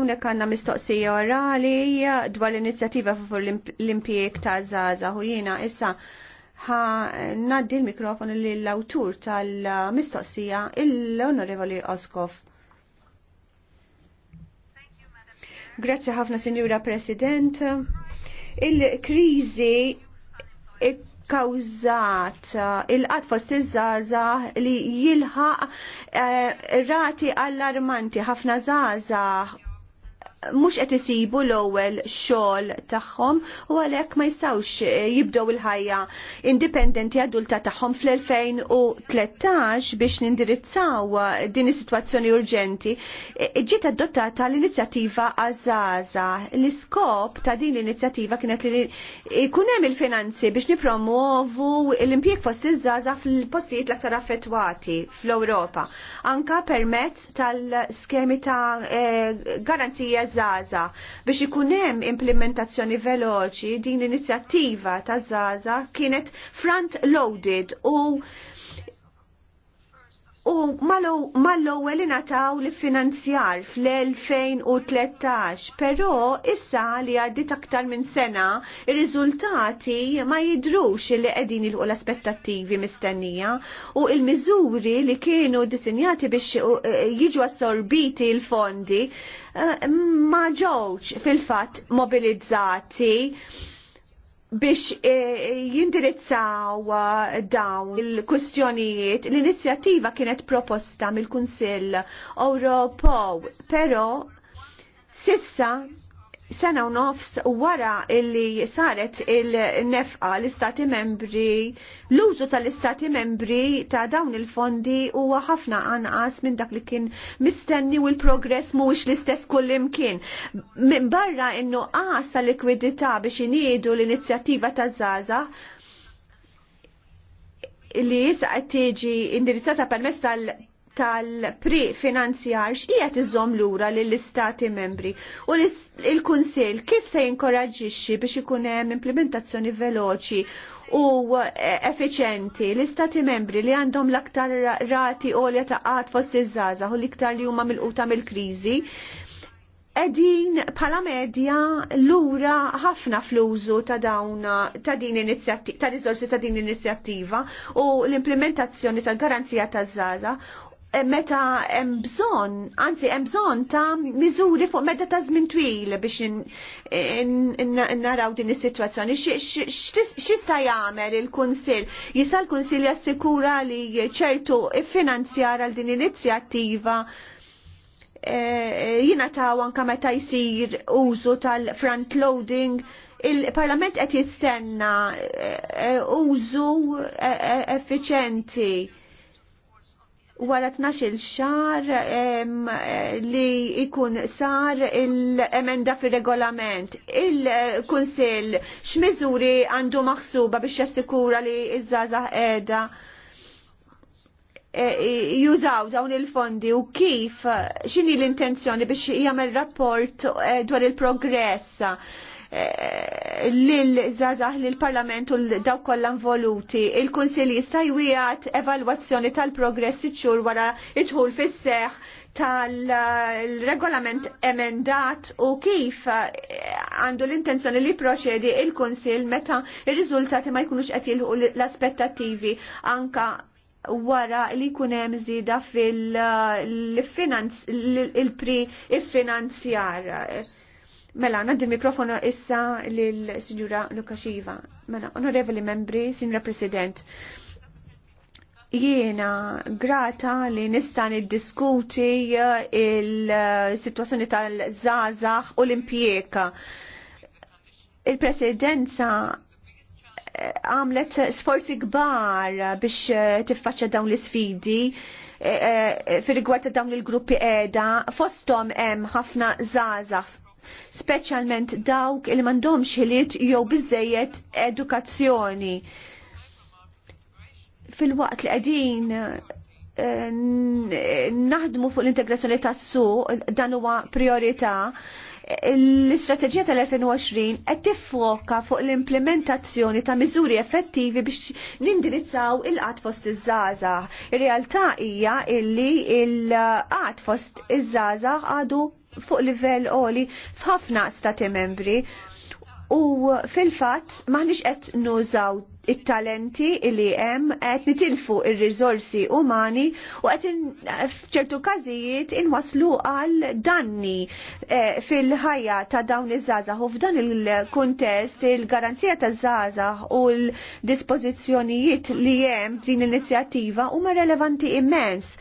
Hawnhekk għandna mistoqsija orali dwar l-inizjattiva fuq l-impjieg ta' Zaza u jiena issa ħa naddi l-mikrofonu lill-awtur tal-mistoqsija l-Onorevoli Oskov. Grazzi ħafna Sinjura President. Il-kriżi kawżat il-qat fost iż-żaza li jilħaq eh, rati allarmanti ħafna żaza mux qed isibu l-ewwel xogħol tagħhom u għalhekk ma jistgħux eh, jibdew il-ħajja indipendenti adulta tagħhom fl-2013 biex nindirizzaw eh, din is-sitwazzjoni urġenti. E, e, ġiet adottata l-inizjattiva Azaza. L-iskop ta' din l-inizjattiva kienet li jkun hemm il-finanzi biex nipromuovu l-impjieg fost iż-żaza fil-postijiet l-aktar affettwati fl-Ewropa. Anka permezz tal-skemi ta' eh, garanzija zaza biex ikun hemm implementazzjoni veloċi din l-inizjattiva ta' zaza kienet front loaded u U mal-ewwel ingħataw li finanzjar fl-2013, però issa li għaddit aktar minn sena, ir-riżultati ma jidrux li qegħdin ilqu l-aspettattivi mistennija u l-miżuri li kienu disinjati biex eh, jiġu assorbiti l-fondi Eh, ma ġewx fil-fatt mobilizzati biex eh, jindirizzaw eh, dawn il-kustjonijiet l-inizjattiva kienet proposta mill-Kunsill Ewropew, però sissa sena u nofs wara illi saret il-nefqa l-istati membri, l-użu tal-istati membri ta' dawn il-fondi huwa ħafna anqas minn dak li kien mistenni u l-progress mhuwiex l-istess kullimkien. Minn barra in-nuqqas ta' likwidità biex iniedu l-inizjattiva ta' Zaza li jisa qed tiġi indirizzata permezz tal- tal-pri finanzjar iżom l lura lill-istati membri u l kunsil kif se jinkoraġġixxi biex ikun hemm implementazzjoni veloċi u eh, efficienti l-istati membri li għandhom l-aktar rati għolja ta' qat fost iż-żaza u l-iktar li huma mill-quta mill-kriżi edin pala medja lura ħafna fl-użu ta' dawna ta' din inizjattiva ta' ta' din inizjattiva u l-implementazzjoni tal-garanzija ta' zaza meta hemm bżonn, anzi hemm bżonn ta' miżuri fuq meta ta' żmien twil biex naraw din is-sitwazzjoni. X'ista' jagħmel il-Kunsill? Jista' l-Kunsill jassikura li ċertu finanzjar għal din l-inizjattiva e, jina ta' anka meta jsir użu tal-front loading il-parlament qed jistenna e, e, użu effiċenti wara 12 xar li ikun sar il-emenda fil-regolament. Il-Kunsil x'miżuri għandu maħsuba biex jassikura li iż-żazax qiegħda e, jużaw dawn il-fondi u kif x'inhi l-intenzjoni biex jagħmel rapport e, dwar il-progress Eh, lil-żazah li parlament u daw kollha voluti. il kunsili jistajwijat jwiegħat evalwazzjoni tal-progress iċ-xhur wara iċħul fis-seħħ tal-regolament emendat u kif eh, għandu l-intenzjoni li proċedi il-Kunsil meta il-riżultati ma jkunux qed jilħu l-aspettativi anka wara li jkun hemm żieda fil-finanz eh, il-pri il-finanzjar. il pri il finanzjar il Mela, naddi mikrofono issa lill-Sinjura Lukasiva. Mela, onorevoli membri, Sinjura President, jiena grata li nista' niddiskuti eh, il-sitwazzjoni tal zazax u l-impjiega. Il-Presidenza eh, għamlet sforzi kbar biex eh, tiffaċċja dawn l-isfidi fir rigward ta' dawn il-gruppi qiegħda fosthom hemm ħafna zazax speċjalment dawk il m'għandhomx xilit jew biżejjed edukazzjoni. Fil-waqt li qegħdin eh, naħdmu fuq l-integrazzjoni tas-suq dan huwa priorità l-istrateġija tal-2020 qed tiffoka fuq l-implementazzjoni ta' miżuri effettivi biex nindirizzaw il-qat fost iż-żaża. Ir-realtà hija illi il-qat fost iż-żaża għadu fuq livell għoli f'ħafna stati membri u fil-fatt maħniex qed nużaw it-talenti li hemm qed nitilfu ir-riżorsi umani u qed f'ċertu każijiet inwaslu għal danni eh, fil-ħajja ta' dawn iż-żgħażagħ u f'dan il-kuntest il-garanzija taż-żgħażagħ u l-dispożizzjonijiet li hemm din l-inizjattiva huma relevanti immens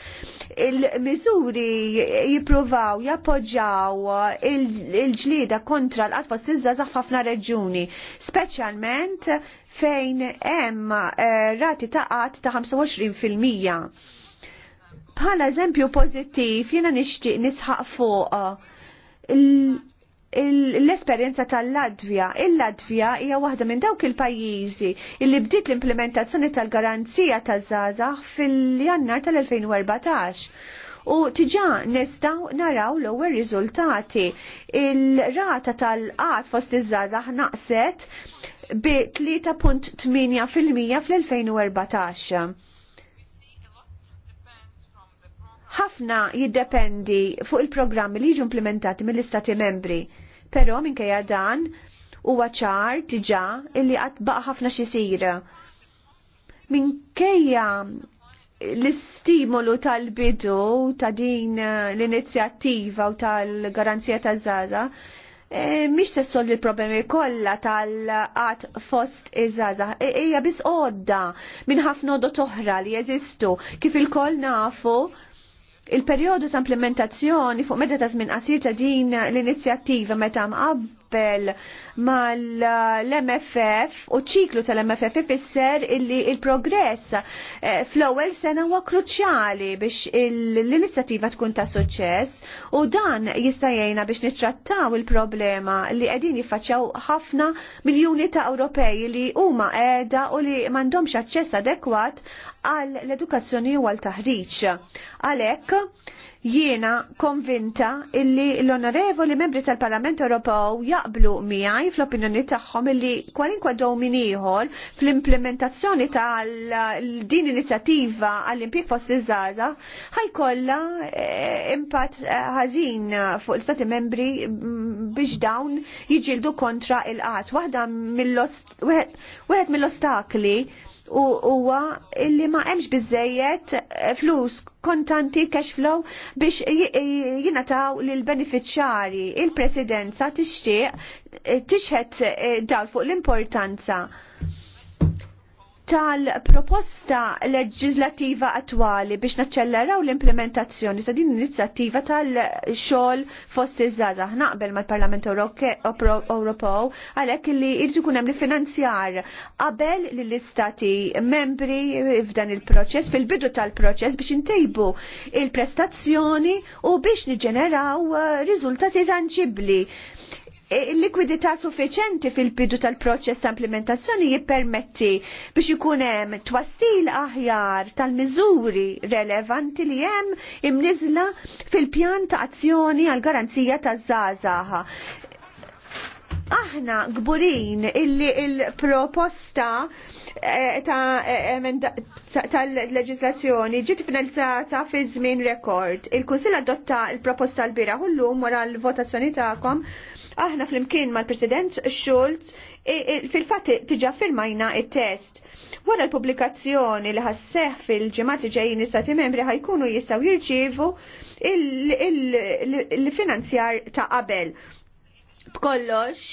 il-mizuri jipruvaw jappoġġaw il-ġlida kontra l t tizzazax f'ħafna reġuni, specialment fejn hemm eh, rati ta' qatt ta' 25%. Bħala eżempju pożittiv jiena nixtieq nisħaq fuq eh, l-esperienza tal-Latvja. Il-Latvja hija waħda minn dawk il-pajjiżi illi bdiet l-implementazzjoni tal-garanzija taż-żgħażagħ fil-Jannar tal-2014. U tiġa nistaw naraw l-ewwel riżultati. Il-rata tal-qat fost iż-żgħażagħ naqset bi 3.8% fl-2014. Ħafna jiddependi fuq il-programmi li jiġu implementati mill-Istati membri, però minkejja dan huwa ċar diġà illi qatt baqa' ħafna xisir. Minkejja l-istimolu tal-bidu ta' din l-inizjattiva u tal-garanzija taż-żaza, mish eh, se solvi l-problemi kollha tal għat fost iż e, Ija bis biss għodda minn ħafna għodot oħra li jeżistu kif il-koll nafu il-perjodu ta' implementazzjoni fuq meta ta' żmien qasir ta' din l-inizjattiva meta mqabb taqbel mal-MFF u ċiklu tal-MFF ifisser illi il-progress eh, fl-ewwel sena huwa kruċjali biex l-inizjattiva tkun ta' suċċess u dan jista' jgħinna biex nittrattaw il-problema li qegħdin jiffaċċjaw ħafna miljuni ta' Ewropej li huma qiegħda u li m'għandhomx aċċess adekwat għall edukazzjoni u għall taħriġ. Għalhekk jiena konvinta illi l-onorevoli membri tal-Parlament Ewropew jaqblu miegħi fl-opinjoni tagħhom illi kwalinkwa domin ieħor fl-implementazzjoni tal-din inizjattiva għall-impjieg fost iż-żgħażagħ ħajkollha eh, impatt eh, ħażin fuq l-Stati membri mm, biex dawn jiġildu kontra il-qatt. Waħda mill-ostakli u huwa illi ma hemmx biżejjed eh, flus kontanti cash flow biex eh, jingħataw lil benefiċċjarji il-presidenza tixtieq eh, tixħed dal fuq l-importanza tal-proposta leġislativa attwali biex naċċelleraw l-implementazzjoni ta' din l-inizjattiva tal-xogħol fost iż naqbel mal-Parlament Ewropew għalhekk li jrid ikun hemm finanzjar qabel li l-istati membri f'dan il-proċess fil-bidu tal-proċess biex intejbu il-prestazzjoni u biex niġġeneraw eh, riżultati tanġibbli E il-likwidità suffiċenti fil-bidu tal-proċess ta' implementazzjoni jippermetti biex ikun hemm twassil aħjar tal-miżuri relevanti li hemm imniżla fil-pjan ta' azzjoni għal garanzija taż-żgħażagħ. Aħna gburin illi il-proposta eh, tal-leġislazzjoni ġiet finalizzata fi żmien rekord. Il-Kunsill adotta il-proposta l-bira llum wara l-votazzjoni tagħkom aħna fl-imkien mal-President Schulz fil-fat tiġa firmajna il-test. Wara l-publikazzjoni li ħasseħ fil-ġemati ġejjin istati membri ħajkunu jistaw jirċivu il-finanzjar ta' qabel b'kollox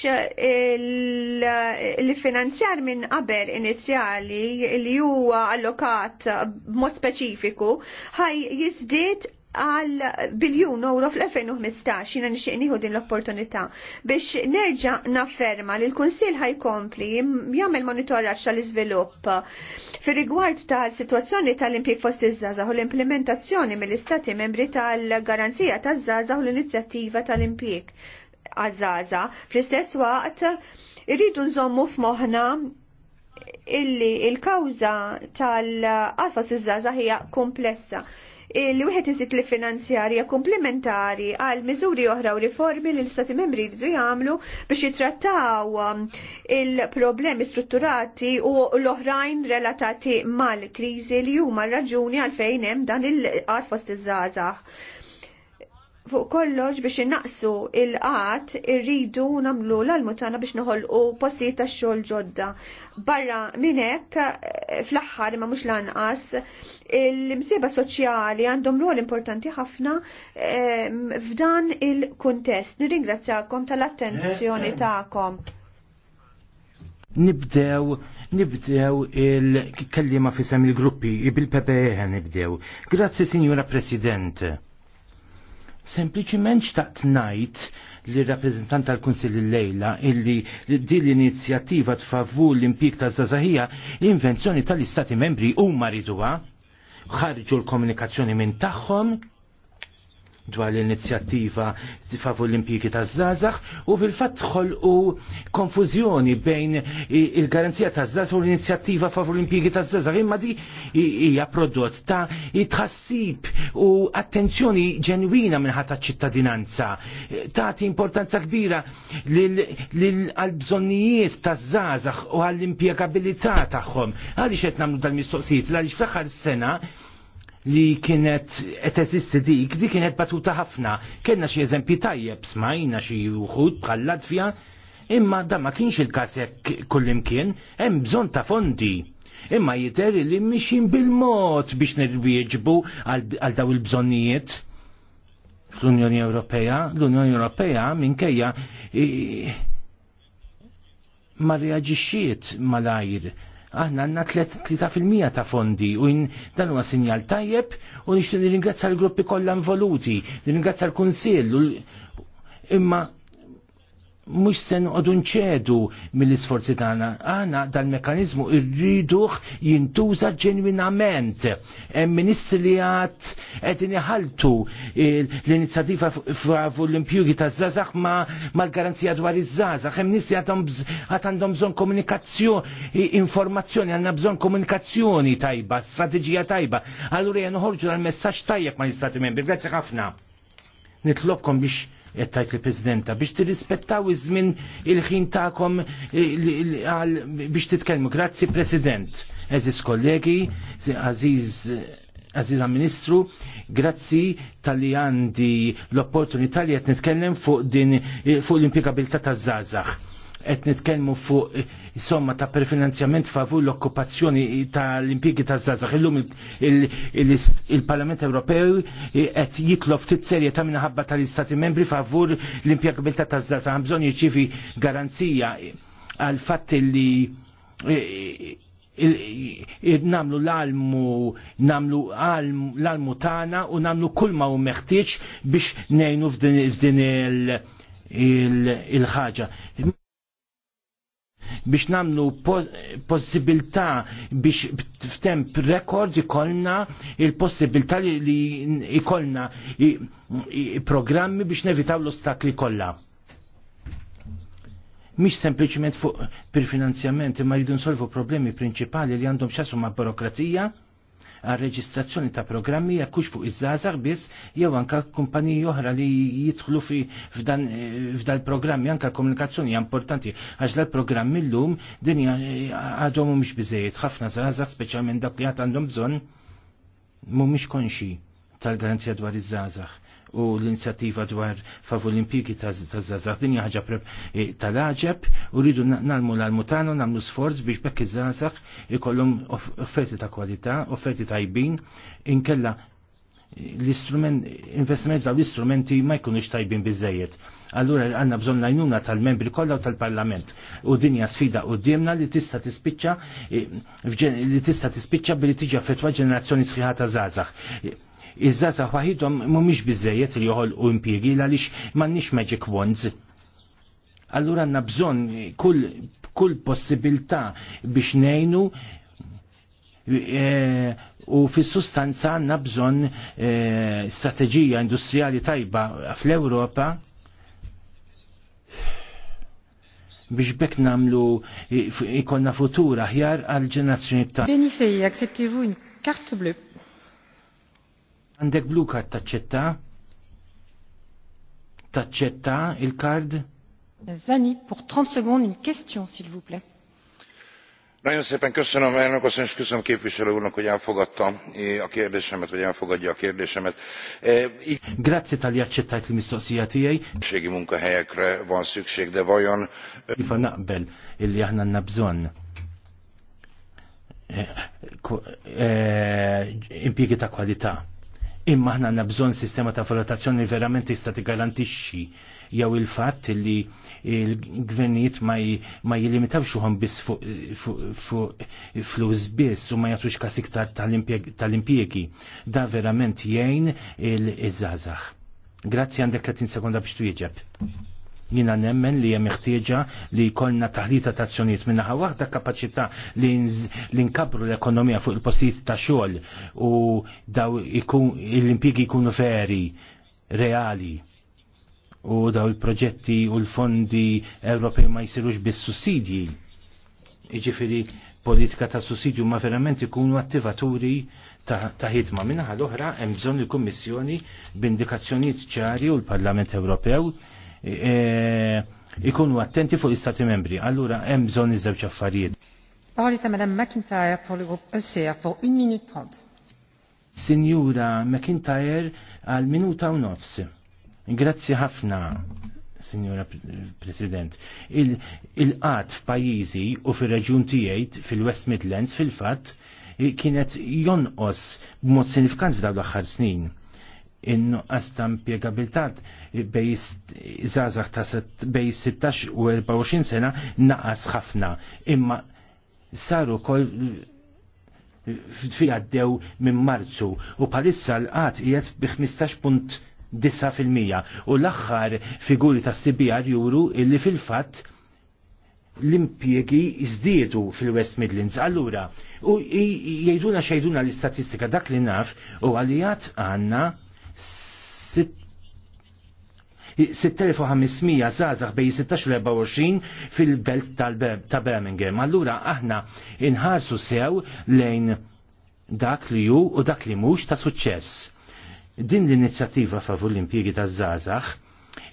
il-finanzjar minn qabel inizjali li huwa allokat b'mod speċifiku ħaj jiżdied għal biljun euro fl-2015 jina nixtieq nieħu din l-opportunità biex nerġa' nafferma li l-Kunsill ħajkompli jagħmel monitoraġġ tal-iżvilupp fir-rigward tal-sitwazzjoni tal impjeg fost iż-żgħażagħ u l-implementazzjoni mill-Istati membri tal-Garanzija taż-żgħażagħ u l-inizjattiva tal impjeg għaż-żgħażagħ. Fl-istess waqt irridu nżommu f'moħħna illi il-kawza tal qalfas iż-żaza hija komplessa li wieħed iżid li finanzjarja komplementari għal miżuri oħra u riformi li l-Stati membri jridu jagħmlu biex jitrattaw um, il-problemi strutturati u l-oħrajn relatati mal-kriżi li huma raġuni għalfejn hemm dan il-qat fost iż-żgħażagħ fuq kollox biex innaqsu il-qat irridu namlu l-almutana biex noħolqu postijiet ta' xogħol ġodda. Barra minn hekk eh, fl-aħħar ma mhux lanqas il msiba soċjali għandhom rol importanti ħafna ehm, f'dan il-kuntest. Nirringrazzjakom tal-attenzjoni eh, eh. tagħkom. Nibdew nibdew il-kellima fisem il-gruppi, bil-PPE nibdew. Grazzi, Signora President. Sempliċiment xtaqt najt li rappresentant tal kunsilli lejla illi din l-inizjattiva tfavur l-impik ta' Zazahija l-invenzjoni tal-Istati membri u mariduwa ħarġu l-komunikazzjoni minn tagħhom dwar l-inizjattiva favur l-impjiki ta' zazax u fil-fatt u konfuzjoni bejn il-garanzija ta' zazax u l-inizjattiva favur l-impjiki ta' zazax imma di hija prodott ta' tħassib u attenzjoni ġenwina minnħata ċittadinanza tagħti importanza kbira l bżonnijiet ta' zazax u għall-impjegabilità tagħhom għaliex qed nagħmlu dal mistoqsijiet għaliex fl sena li kienet qed eżisti dik, li kienet batuta ħafna. Kenna xi eżempji tajjeb smajna xi wħud bħal Latvja, imma da ma kienx il-każ hekk kullimkien, hemm bżonn ta' fondi. Imma jiter li mixin bil-mod biex nirwieġbu għal daw il-bżonnijiet fl-Unjoni Ewropea. L-Unjoni Ewropea minkejja ma reaġixxiet mal-ajr aħna għanna 3% ta' fondi u dan huwa sinjal tajjeb u nixtieq nirringrazzja l-gruppi kollha involuti, nirringrazzja l-Kunsill imma mux sen odun nċedu mill-isforzi tagħna. Għana dal-mekanizmu irriduħ jintuża ġenwinament. Ministri li għat għedin iħaltu l-inizjativa f'għavu l-impjugi ta' zazax ma mal-garanzija dwar iż-żazax. Hemm għat għandhom bżonn komunikazzjoni, informazzjoni, għanna bżonn komunikazzjoni tajba, strateġija tajba. Allura jenħorġu dal-messaġġ tajjeb ma' l-Istati Membri. Grazzi ħafna. Nitlobkom biex qed tajt il-Presidenta biex tirrispettaw iż-żmien il-ħin tagħkom biex titkellmu. Grazzi President, Eżiz kollegi, Aziz Aziz Ministru, grazzi tal-li għandi l-opportunità li qed nitkellem fuq din fuq l-impjegabilità taż-żgħażagħ qed nitkellmu fuq somma ta' prefinanzjament favur l-okkupazzjoni tal-impjiegi ta' Zazax. Illum il-Parlament Ewropew qed jitlob ftit serjetà minħabba tal-Istati Membri favur l-impjegabilità ta' Zazax. Hemm bżonn garanzija għal fatt li namlu l-almu namlu l-almu tana u namlu kull ma u meħtieġ biex nejnu f'din il-ħaġa biex namlu possibilità biex f'temp rekord ikolna il-possibilità li ikolna programmi biex nevitaw l-ostakli kollha. Mhix sempliċement fuq per finanzjament imma rridu nsolvu problemi prinċipali li għandhom xasu ma' burokrazija għal reġistrazzjoni ta' programmi jekkux fuq iż-żgħażagħ biss jew anke kumpaniji oħra li jidħlu f'dan il-programmi anke komunikazzjoni importanti għax dal-programmi llum din għadhom mhumiex biżejjed ħafna żgħażagħ speċjalment dak li għad għandhom bżonn mhumiex konxi tal-garanzija dwar iż-żgħażagħ u l-inizjattiva dwar favur l ta' zazah din ħaġa e, tal-ħġeb u rridu nalmu l-almutano, nalmu sforz biex bekk iż-żazah ikollhom offerti ta' kwalità, offerti tajbin, inkella l-istrument, investiment ta' l-istrumenti ma jkunux tajbin bizzejiet. Allura għanna bżon najnuna tal-membri kollha u tal-parlament. U dinja sfida u djemna li tista tispiċċa e, li tista tispiċċa billi tiġi affettwa ġenerazzjoni sħiħa ta' zazax iż-żaza waħidhom mhumiex biżejjed li joħolqu impjiegi għaliex m'għandniex magic wands. Allura għandna bżonn kull kull possibilità biex ngħinu e, u fis sustanza għandna bżonn e, strateġija industrijali tajba fl-Ewropa biex bekk namlu ikonna futura ħjar għal ġenerazzjoni ta' Benifej, acceptez-vous kartu carte Għandek blu kart taċċetta? Taċċetta il-kard? Zani, pour 30 secondes, une question, s'il vous plaît. Nagyon szépen köszönöm, elnök asszony, és köszönöm képviselő úrnak, hogy elfogadta eh, a kérdésemet, vagy elfogadja a kérdésemet. Eh, Grazie tali jaċċettajt il-mistoqsija tiegħi. Ségi munkahelyekre van szükség, de vajon... Ifa naqbel, illi aħna għandna bżonn eh, impjiegi ta' kwalità imma ħna għandna bżonn sistema ta' valutazzjoni verament tista' tigarantixxi jew il-fatt li l-gvernijiet ma jilimitawx uħom biss fuq flus biss u ma jagħtux kas iktar tal-impjegi. Da verament jgħin il-żgħażagħ. Grazzi għandek 30 sekonda biex tu jieġeb jina nemmen li jem iħtieġa li kolna taħlita tazzjoniet minnaħa waħda kapaċità li nkabru l-ekonomija fuq il-postijiet ta' xogħol u daw l-impjegi jkunu veri, reali u daw il-proġetti u l-fondi Ewropej ma jsirux bis sussidji Iġifiri politika ta' sussidju ma verament ikunu attivaturi ta' ħidma. Minnaħa l-oħra hemm bżonn il-Kummissjoni b'indikazzjonijiet ċari u l-Parlament Ewropew E, ikunu attenti fuq l-Istati membri. Allura hemm bżonn iż-żewġ affarijiet. Paroli ta' Madame McIntyre for L-Grupp ECR for 1 minute 30. Sinjura McIntyre għal minuta u nofs. Grazzi ħafna, Signora President. Il-qat f'pajjiżi u fir-reġjun tiegħi fil-West Midlands fil-fatt kienet jonqos b'mod sinifikant f'dawn l-aħħar snin in-nuqqas ta' impjegabilitat bej zazax ta' bej 16 u 24 sena naqas ħafna. Imma saru kol fi għaddew minn marzu u palissa l-qat jgħet bi 15.9% u l-axħar figuri ta' CBR juru illi fil-fat l-impiegi izdietu fil-West Midlands. Allura, u jgħiduna xejduna l-istatistika dak li naf u għalijat għanna 6500 zazax bej 16 24 fil-belt ta' Birmingham. Allura aħna inħarsu sew lejn dak li ju u dak li mhux ta' suċċess. Din l-inizjattiva favur l-impjiegi ta' zazax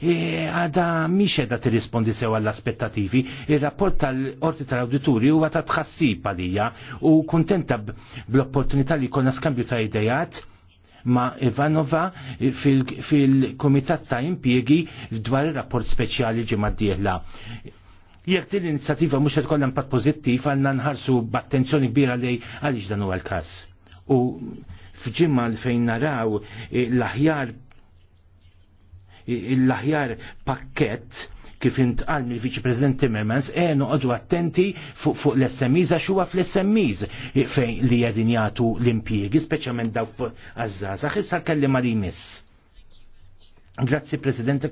e, għada miex edha tirrispondi sew għall aspettativi il-rapport tal-orti tal-auditori huwa ta' tħassib għalija u kontenta bl-opportunità li jkollna skambju ta' idejat ma' Ivanova fil-Komitat ta' impiegi dwar rapport speċjali ġimgħa d-dieħla. Jekk din l-inizjattiva mhux qed tkollha impatt pożittiv għandna nħarsu b'attenzjoni kbira lej għaliex dan huwa l-każ. U f'ġimma f'ġimgħa fejn naraw eh, l-aħjar eh, l-aħjar pakket kif intqal mill-Viċi President Timmermans, e noqogħdu attenti fuq fu l-SMEs għax huwa fl-SMEs fejn li qegħdin jagħtu l-impjiegi, speċjalment daw għaż-żgħażagħ. Issa kellim għal imiss. Grazzi President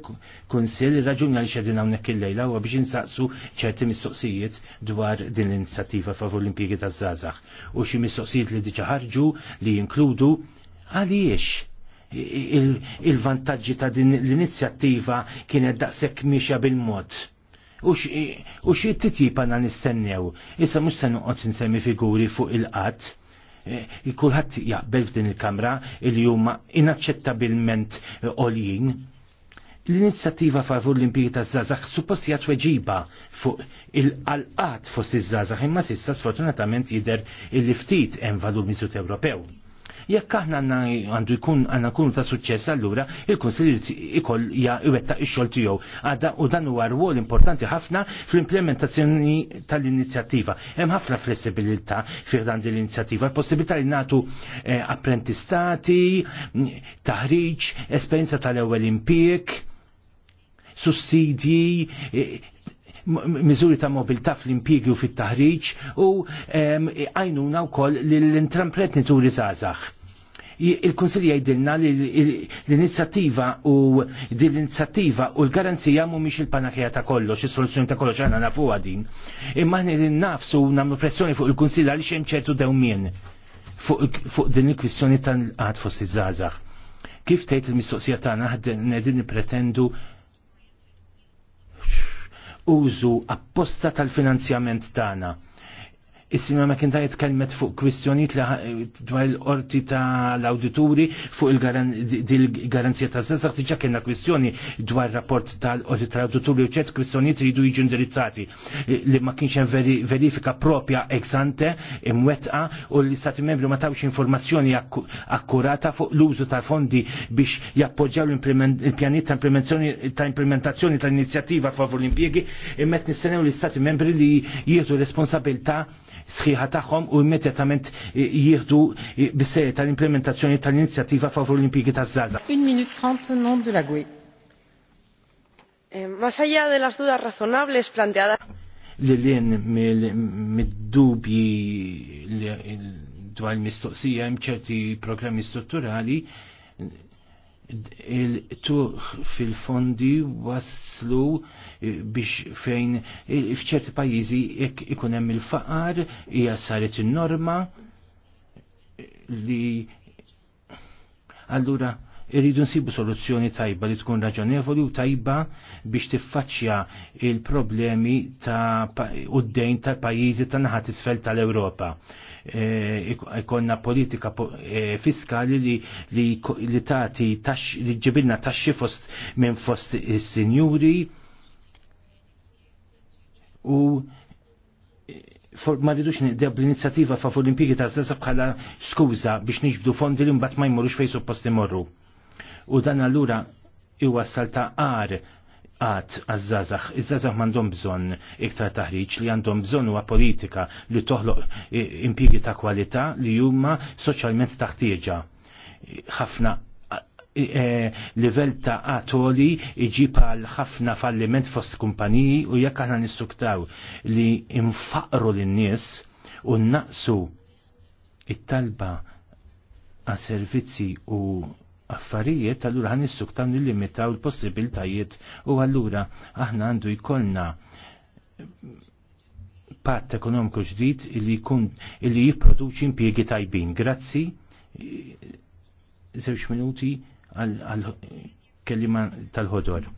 Kunsill raġuni għal xedin hawnhekk il-lejla huwa biex insaqsu ċerti mistoqsijiet dwar din l-inizjattiva favur l-impjiegi taż-żgħażagħ u xi mistoqsijiet li diġà ħarġu li jinkludu għaliex il-vantaġġi ta' din l-inizjattiva kienet daqshekk mixja bil-mod. U xie titjib na nistennew, issa mux se noqgħod insemmi figuri fuq il-qatt, e, kulħadd jaqbel f'din il-kamra il huma inaċċettabilment għoljin. L-inizjattiva favur l-impiri ta' Zazax suppost jgħat weġiba fuq il-qalqat fost iż-Zazax imma sissa sfortunatament jider il-ftit hemm valur miżut Ewropew Jekk aħna għandu jkun għandna kun ta' suċċess allura il-Kunsill ikoll ja iwettaq ix-xogħol tiegħu. Għada u dan huwa rwol importanti ħafna fl-implementazzjoni tal-inizjattiva. Hemm ħafna flessibilità fih dan din l-inizjattiva, l-possibilità li nagħtu eh, apprentistati, taħriġ, esperjenza tal-ewwel impjieg, sussidji, eh, miżuri ta' mobilità fl-impjegi fit-taħriġ u għajnuna wkoll l intraprenituri zazax. il-Konsil jgħidilna li l-inizjattiva u din l-inizjattiva u l-garanzija mhumiex il-panakija ta' kollox, is-soluzzjoni ta' kollox aħna nafuha din. Imma aħna nafsu nagħmlu pressjoni fuq il-Kunsil għaliex hemm ċertu dewmien fuq din il-kwistjoni tal-qgħad fost iż-żgħażagħ. Kif tgħid il-mistoqsija tagħna ħadden nedin nippretendu użu apposta tal-finanzjament tagħna is kien McIntyre tkellmet fuq kwistjonijiet dwar l-qorti tal-awdituri fuq il-garanzija ta' żazax tiġa kellna kwistjoni dwar rapport tal-qorti tal-awdituri u ċert kwistjonijiet jridu jiġu indirizzati li ma kienx hemm verifika propja ex ante imwetqa u l-Istati membri ma tawx informazzjoni akkurata fuq l-użu tal-fondi biex jappoġġjaw il pjanit ta' implementazzjoni tal inizjativa favur l-impjiegi imet nistennew l-Istati membri li jieħdu responsabilta' sħiħa tagħhom u immedjatament jieħdu bis tal-implementazzjoni tal-inizjattiva favur l-Olimpijki taż żgħażagħ Un minut 30 nom de la GUE. Eh, más allá de las dudas razonables planteadas li l mid-dubji dwar il mistoqsija hemm ċerti programmi strutturali il-tuħ fil-fondi waslu eh, biex fejn eh, fċerti pajizi ikun hemm il-faqar hija saret in-norma eh, li allura Irridu nsibu soluzzjoni tajba li tkun raġonevoli u tajba biex tiffaċċja il-problemi ta' u d-dejn ta' pajizi ta' naħat isfel tal-Ewropa. E, ikonna politika e, fiskali li tati li ġibilna taxxi fost minn fost is-sinjuri u ma rridux niqdeb l-inizjattiva fa' l impiegi ta' bħala skuża biex niġbdu fondi li mbagħad ma jmorrux fejn suppost imorru u dan allura iwassal ta' għar għat għazzazax, iż-żazax mandom bżon iktar taħriġ li għandhom bżon huwa politika li toħloq impjigi ta' kwalità li huma soċjalment taħtieġa. Ħafna e, e, livell ta' għatoli iġi pal ħafna falliment fost kumpaniji u jekk aħna nissuktaw li infaqru lin-nies u naqsu it-talba għas servizzi u affarijiet, allura ħan nissuktaw nillimitaw l possibiltajiet u allura aħna għandu jkollna patt ekonomiku ġdid illi jkun li jipproduċi impjiegi tajbin. Grazzi, żewġ minuti għal kelliman tal-ħodor.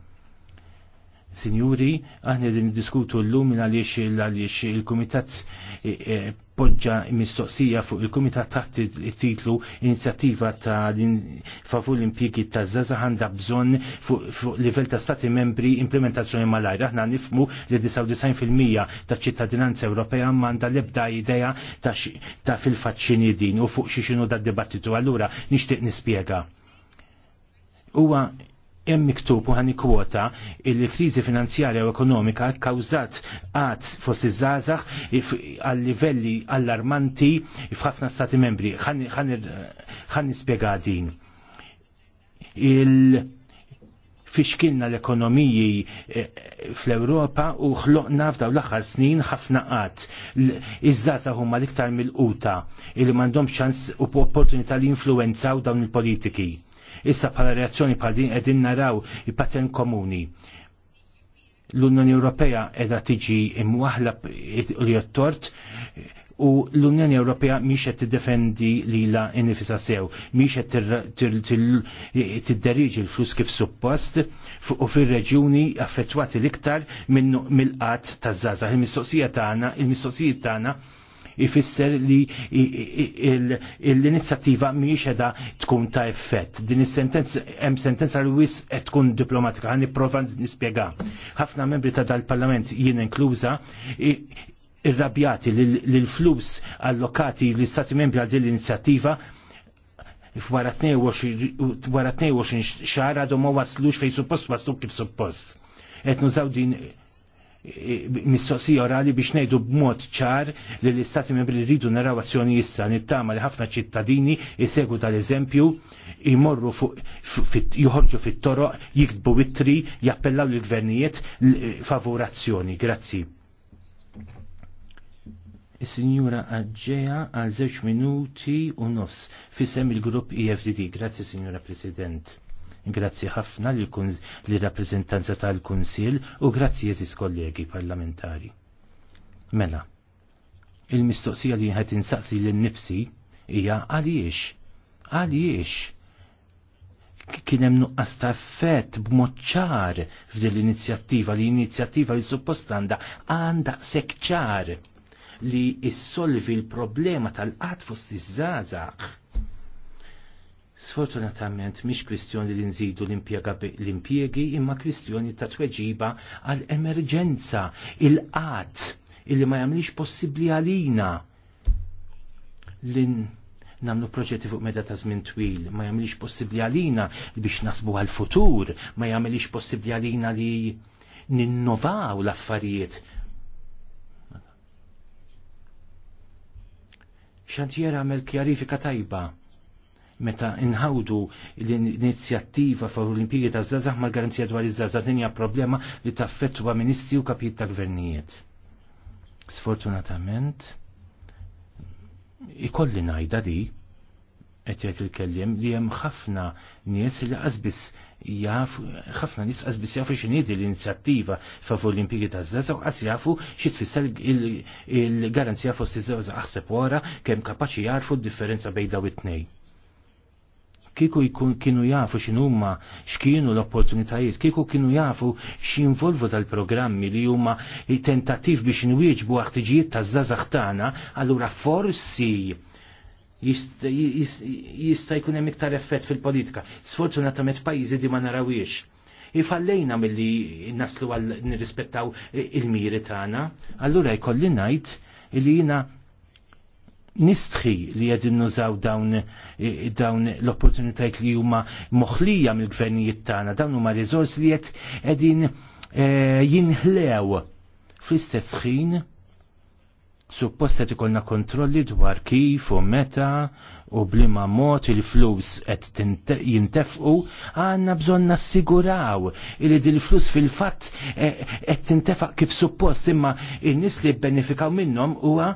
Signuri, aħna din diskutu l-lum minn għaliex għaliex il-Kumitat eh, eh, poġġa mistoqsija fuq il-Kumitat taħt il-titlu Inizjattiva ta' favur l-impjegi ta' Zaza għandha bżonn fuq livell ta' Stati membri implementazzjoni malajr. Aħna nifmu li 99% ta' ċittadinanza Ewropea m'għandha l-ebda idea ta' fil-faċċini din u fuq xi xinu da' dibattitu. Allura nixtieq nispjega. Huwa hemm miktub u ħani kwota il-kriżi finanzjarja u ekonomika kkawżat għat fost iż-żgħażagħ għal livelli allarmanti f'ħafna stati membri. Ħan spiega din. Il fixkilna l-ekonomiji eh, fl-Europa u xloqna f'daw l-axar snin ħafna qatt. Iż-żaza huma l-iktar mill-quta illi mandom ċans u opportunità li influenzaw dawn il-politiki. Issa bħala reazzjoni bħal din qegħdin naraw il-pattern komuni. L-Unjoni Ewropea qiegħda tiġi imwaħla li tort u l-Unjoni Ewropea miex qed tiddefendi lila innifisa sew, miex qed tidderiġi l-flus kif suppost u fir-reġjuni affettwati l-iktar mill-qatt taż-żgħażagħ. Il-mistoqsija tagħna, il-mistoqsijiet tagħna ifisser li l-inizjattiva mhijiex qiegħda tkun ta' effett. Din is-sentenza hemm sentenza li wis qed tkun diplomatika ħan nipprova nispjega. Ħafna membri ta' dal-Parlament jien inkluża irrabjati li l-flus allokati l-Istati membri għal din l-inizjattiva wara 22 xahar għadhom ma waslux fejn suppost waslu kif suppost. Qed nużaw din mistoqsija orali biex ngħidu b'mod ċar li l-istati membri rridu naraw azzjoni issa nittama li ħafna ċittadini jisegu tal-eżempju imorru joħorġu fit-toroq, jiktbu wittri, jappellaw l-gvernijiet favorazzjoni. Grazzi. Is-Sinjura Aġġeja għal żewġ minuti u nofs fissem il-grupp EFDD. Grazzi, Sinjura President Grazzi ħafna li rappresentanza tal-Kunsil u grazzi jeżis kollegi parlamentari. Mela, il-mistoqsija li ħed insaqsi l-nifsi hija għaliex, għaliex kien hemm nuqqas ta' fett b'moċċar ċar f'din l-inizjattiva li inizjattiva li suppostanda għandha għandha ċar li issolvi l-problema tal qatfus fost iż-żgħażagħ Sfortunatament mhix kwistjoni li nżidu l impiegi imma kwistjoni ta' tweġiba għal emerġenza il-qat illi ma jamlix possibbli għalina li namlu proġetti fuq meda ta' żmien twil, ma jamlix possibbli għalina biex nasbu għal-futur, ma jamlix possibbli għalina li ninnovaw l-affarijiet X'antjera għamel kjarifika tajba meta inħawdu l-inizjattiva fa' l olimpijiet ta' Zazah ma' garanzija dwar iż-Zazah dinja problema li taffettwa ministri u kapijiet ta' gvernijiet. Sfortunatament, ikolli najda di, qed jgħid il-kellim li hemm ħafna nies li qasbis jaf ħafna nies qasbis jafu x'inhiedi l-inizjattiva fa' l olimpijiet ta' żaza u qas jafu xi tfisser il-garanzija fost iż-żaza aħseb wara kemm kapaċi jarfu d-differenza bejn daw it-tnejn kieku kienu jafu x'inhuma x'kienu l-opportunitajiet, kieku kienu jafu x'involvu tal-programmi li huma tentattiv biex inwieġbu ħtiġijiet ta' żażaħ tagħna, allura forsi jista' jkun hemm iktar effett fil-politika. Sfortunatament pajjiżi di ma narawiex ifallejna mill-li naslu għal nirrispettaw il-miri tagħna, allura jkolli ngħid li jina nistħi li għedin nużaw dawn, eh, dawn l-opportunitajt li huma moħlija mill-gvernijiet tagħna, dawn huma riżors li qed qegħdin eh, jinħlew fl-istess ħin suppost qed ikollna kontrolli dwar kif u meta u blima mod il-flus qed jintefqu għandna bżonn nassiguraw li din il-flus fil-fatt eh, qed tintefaq kif suppost imma in-nies li benefikaw minnhom huwa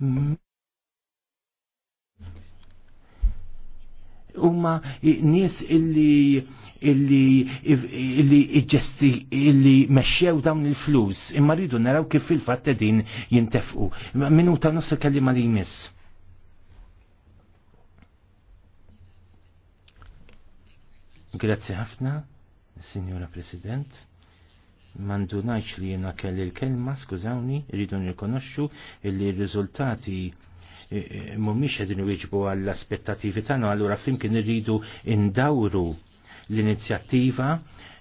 Umma nies illi illi illi iġesti illi mexxew dawn il-flus imma rridu naraw kif fil-fatt din jintefqu. Minuta nofs kelli kellima li jmiss. Grazie ħafna, Signora President mandunajċ li jena kelli l-kelma, skużawni, rridu nirkonoxxu illi r-riżultati eh, eh, mumiex għedin wieġbu għall-aspettativi tagħna, allura flimkien irridu indawru l-inizjattiva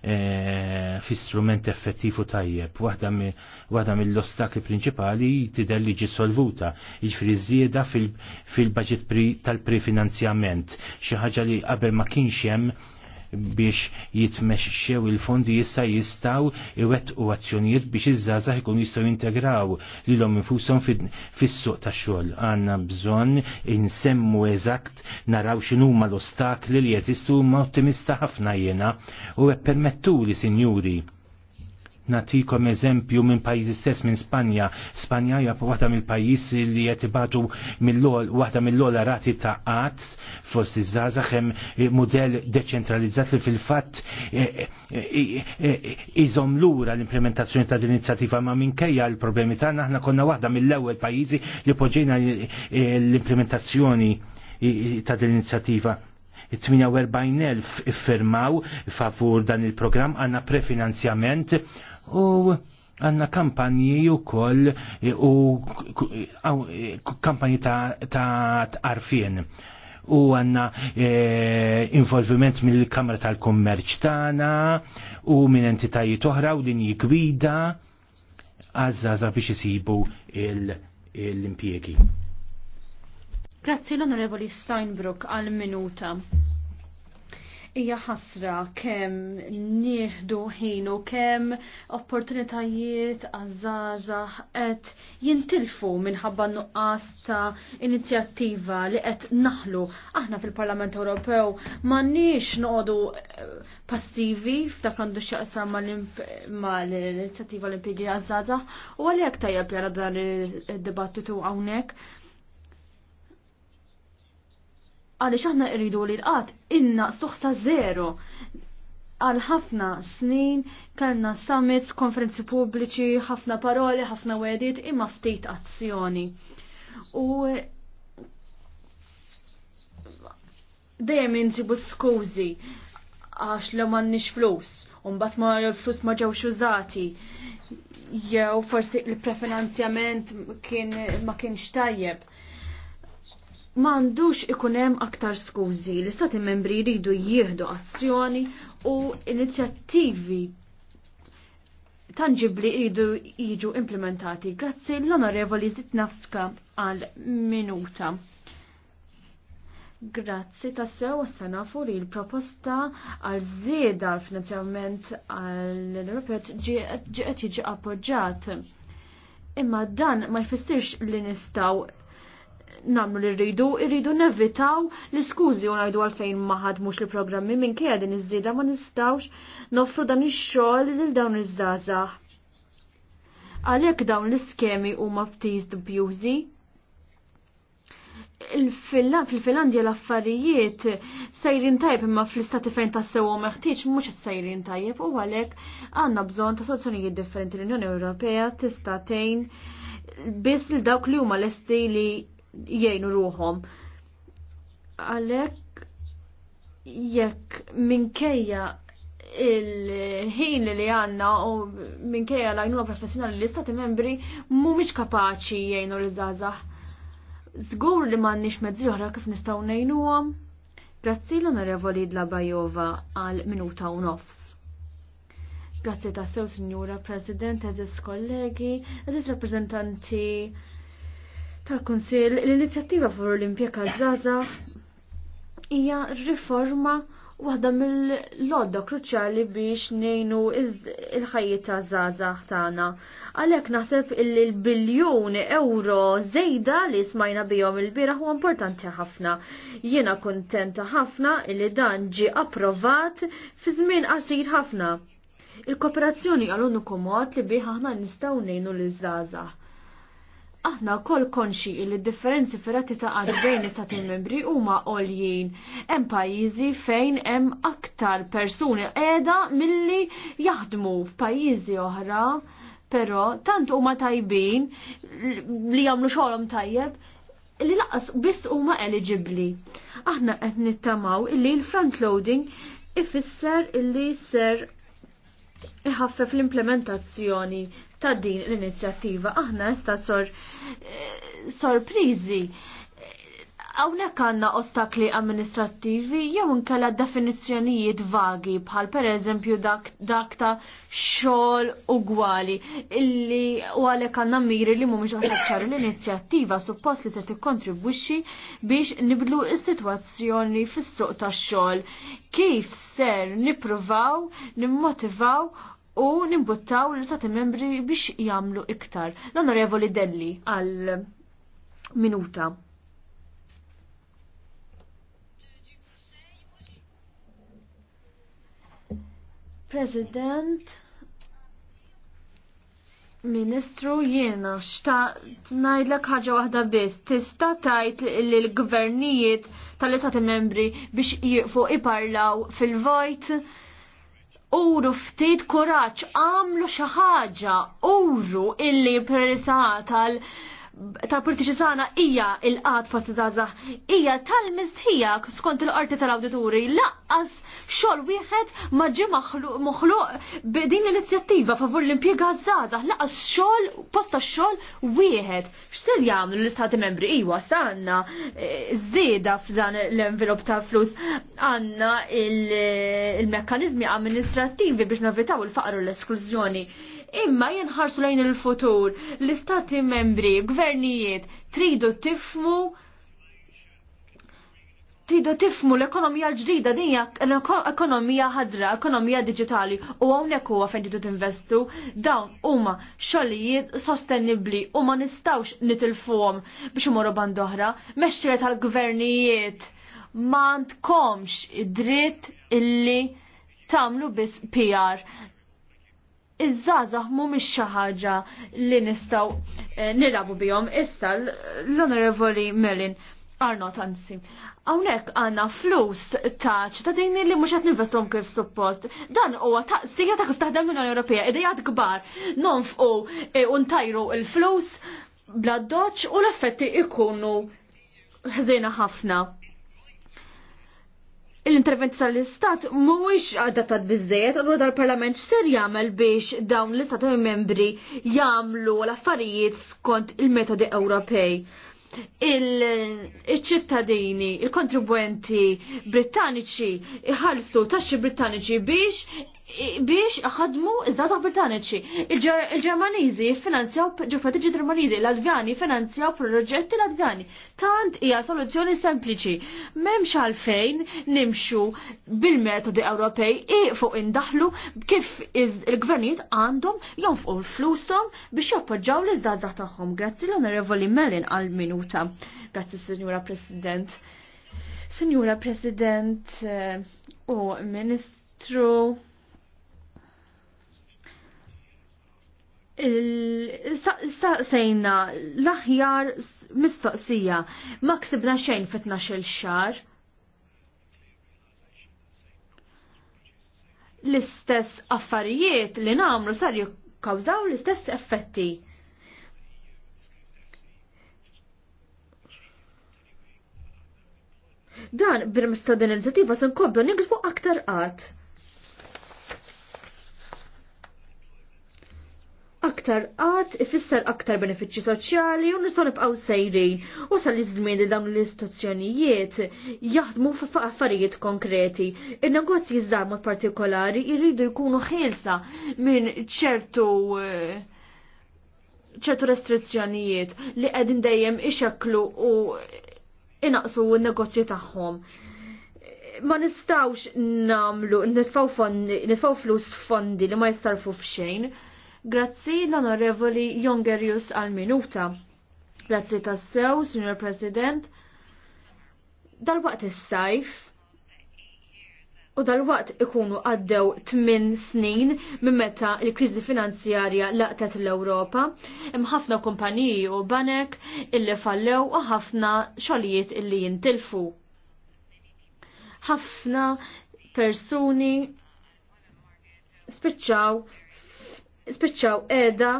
eh, fi strument effettiv u tajjeb. Waħda mill-ostakli prinċipali tidher li ġi solvuta, jiġri żieda fil-budget fil budget tal prefinanzjament xi ħaġa li qabel ma kienx hemm biex jitmexxew il-fondi jista jistaw iwettqu azzjonijiet biex iż-żgħażagħ ikun jistgħu jintegraw lilhom infushom fis-suq tax-xogħol. Għandna bżonn insemmu eżatt naraw x'inhuma l-ostakli li jeżistu ma' ottimista ħafna jiena u permettuli, sinjuri natikom eżempju minn pajjiżi stess minn Spanja. Spanja hija waħda mill-pajjiżi li qed ibatu mill-ol waħda mill-ola rati ta' qatt fost iż-żgħażagħ hemm mudell deċentralizzat li fil-fatt e, e, e, iżom lura l-implementazzjoni ta' din inizjattiva ma' minkejja l-problemi tagħna aħna konna waħda mill-ewwel pajjiżi li poġġejna l-implementazzjoni ta' din inizjattiva 48.000 iffirmaw favur dan il-programm għanna prefinanzjament u għanna kampanji u koll u kampanji ta' tqarfien u għanna e, involviment mill-Kamra tal-Kommerċ tagħna u minn entitajiet oħra u linji gwida għazza biex isibu l-impjegi. Grazzi l-Onorevoli Steinbrook għal-minuta. Ija ħasra kem nieħdu ħinu kem opportunitajiet għazzaza qed jintilfu minħabba nuqqas ta' inizjattiva li qed naħlu aħna fil-Parlament Ewropew m'għandniex noqogħdu eh, passivi f'dak għandu x'jaqsam mal-inizjattiva l-impjegi għazzaza u għalhekk tajjeb jara dan id-dibattitu hawnhekk għaliex aħna irridu li l qat inna suħsa zero għal ħafna snin kellna summits, konferenzi pubbliċi, ħafna paroli, ħafna wedit, imma ftit azzjoni. U dejjem intibu skużi għax li m'għandniex flus, u mbagħad ma l-flus ma ġewx użati. Jew forsi il-prefinanzjament ma kienx tajjeb Mandux ikunem aktar skużi, l-istati membri jridu jieħdu azzjoni u inizjattivi tangibli jridu jiġu implementati. Grazzi l-onorevoli Zitnafska għal minuta. Grazzi tassew s-sanafu li l-proposta għal zieda l-finanzjament għal-Europet ġiet jiġi appoġġat. Imma dan ma jfissirx li nistaw namlu li rridu, rridu nevitaw l-iskużi u ngħidu għalfejn ma ħadmux il-programmi minn kejja iż-żieda ma nistgħux nofru dan ix-xogħol lil dawn iż-żgħażagħ. Għalhekk dawn l-iskemi huma ftit dubjużi. Fil-Finlandja l-affarijiet sejrin tajb imma fl-istati fejn tassew meħtieġ mhux qed sejrin tajjeb u għalhekk għandna bżonn ta' soluzzjonijiet differenti l-Unjoni Ewropea tista' tejn biss l dawk li huma lesti li jgħinu ruhom. Għalhekk jekk minkejja il-ħin li għanna u minkejja l-għajnuna professjonali li stati membri mumiex kapaċi jgħinu l-żazax. Zgur li mannix mezzi oħra kif nistaw nejnuhom. Grazzi l-Onorevoli Dlabajova għal minuta u nofs. Grazzi ta' sew, Signora President, eżis kollegi, eżis rappresentanti tal-Konsil l-inizjattiva fuq l-Olimpija Kazzaza hija riforma waħda mill-lodda kruċjali biex nejnu il-ħajjiet ta' Zaza tagħna. Għalhekk naħseb il-biljun euro żejda li smajna bihom il-bieraħ huwa importanti ħafna. Jiena kuntenta ħafna li dan ġi approvat fi żmien qasir ħafna. Il-kooperazzjoni għal-unu komod li biħ aħna nistgħu nejnu l-żgħażagħ Aħna kol konxi li differenzi fir-rati ta' bejn l-istati membri huma għoljin Hemm pajjiżi fejn hemm aktar persuni qiegħda milli jaħdmu f'pajjiżi oħra, però tant huma tajbin li jagħmlu xogħolhom tajjeb li laqas biss huma eligibli. Aħna qed nittamaw illi l-front loading ifisser illi ser iħaffef l-implementazzjoni ta' din l-inizjattiva. Aħna sta sor eh, sorprizi Hawnhekk għandna ostakli amministrattivi jew inkella definizzjonijiet vagi bħal pereżempju dak, dak ta' xogħol ugwali illi u għalhekk għandna miri li mhumiex ċaru l-inizjattiva suppost li se tikkontribwixxi biex nibdlu s-sitwazzjoni fis-suq tax-xogħol. Kif ser nippruvaw, nimmotivaw u nimbuttaw l-istati membri biex jagħmlu iktar. L-Onorevoli Delli għal minuta. President, Ministru, jiena, x'ta najdlek ħaġa waħda biss. Tista tajt li l-gvernijiet tal-istati membri biex jiqfu iparlaw fil-vojt. Uru ftit kuraċ, għamlu xaħġa, uru illi presa tal- tal sana hija il-qad fost iż hija tal-mistħija skont il-qorti tal-awdituri laqqas xogħol wieħed ma ġie moħluq b'din l-inizjattiva favur l-impjega żgħażagħ, laqqas xogħol posta xogħol wieħed. X'ser jagħmlu l-istati membri iwa sanna eh, żieda f'dan l-envelop ta' flus għandna il-mekkaniżmi amministrattivi biex navitaw il-faqru l-esklużjoni imma jenħarsu lejn il-futur. L-istati membri, gvernijiet, tridu tifmu tridu tifmu l-ekonomija l-ġdida dinja ekonomija ħadra, ekonomija digitali u hawnhekk huwa fejn tidu tinvestu dawn huma xogħlijiet sostenibbli u ma nistgħux nitilfuhom biex imorru band oħra, mexxiet tal-gvernijiet ma għandkomx id-dritt illi tagħmlu biss PR iż-żgħażagħ mhumiex xi ħaġa li nistgħu eh, nilagħbu bihom issa l-Onorevoli Melin Arnot anzi. Hawnhekk għandna flus ta' ċittadini li mhux qed ninvestom kif suppost. Dan huwa taqsija ta' kif taħdem l-Unjoni Ewropea, idejat kbar, nonfqu eh, u ntajru l-flus bla doċċ u l-effetti ikunu ħżejna ħafna l-intervent tal-Istat mhuwiex adattat biżejjed, allura dal-Parlament x'ser jagħmel biex dawn l istat membri jagħmlu l-affarijiet skont il-metodi Ewropej. Il-ċittadini, il-kontribwenti britanniċi iħallsu taxxi britanniċi biex biex ħadmu iż-żazah Britanniċi. Il-Ġermaniżi finanzjaw ġurnatiġi Ġermaniżi, l-Latvjani finanzjaw proġetti l Latvjani. Tant hija soluzzjoni sempliċi. M'hemmx għalfejn nimxu bil-metodi Ewropej i fuq indaħlu kif il-gvernijiet għandhom jonfqu flusom biex jappoġġaw l-iżżazah tagħhom. Grazzi l-Onorevoli Mellin għal-minuta. Grazzi, Sinjura President. Sinjura President eh, u Ministru sejna l-aħjar mistoqsija ma ksibna xejn fit il xar. L-istess affarijiet li namlu sar jikkawżaw l-istess effetti. Dan bir-mistadin inizjattiva se nkomplu niksbu aktar qatt. aktar qat ifisser aktar benefiċċji soċjali u nistgħu nibqgħu sejrin u sal żmien li dawn l-istituzzjonijiet jaħdmu fuq affarijiet konkreti. In-negozji żdar mod partikolari jridu jkunu ħielsa minn ċertu eh, ċertu restrizzjonijiet li qegħdin dejjem ixeklu u inaqsu n-negozju tagħhom. Ma nistawx namlu nitfaw flus fondi li ma jistarfu f'xejn Grazzi l-Onorevoli Jongerius għal-minuta. Grazzi tassew, Signor President. Dal-waqt is-sajf, u dal-waqt ikunu għaddew 8 snin minn meta l-kriżi finanzjarja laqtet l-Ewropa, hemm ħafna kumpaniji u banek illi fallew u ħafna xogħlijiet illi jintilfu. Ħafna persuni spiċċaw spiċċaw edha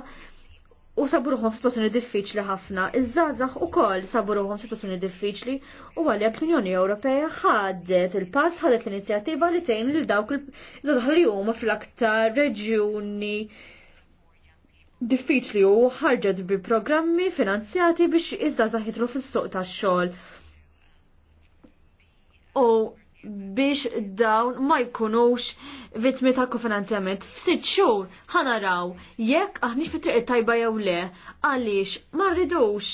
u saburuħom f'sitwazzjoni diffiċli ħafna. Iż-żazax ukoll saburuħom f'sitwazzjoni diffiċli u għalhekk l-Unjoni Ewropea ħadet il-pass, ħadet l-inizjattiva li tgħin lil dawk il-żazax li huma fl-aktar reġjuni diffiċli u ħarġet bi programmi finanzjati biex iżda zaħitru fis-suq tax-xogħol. U biex dawn ma jkunux vittmi ta' kofinanzjament. F'sitt xhur ħanaraw jekk aħniex fit triq tajba jew le għaliex ma rridux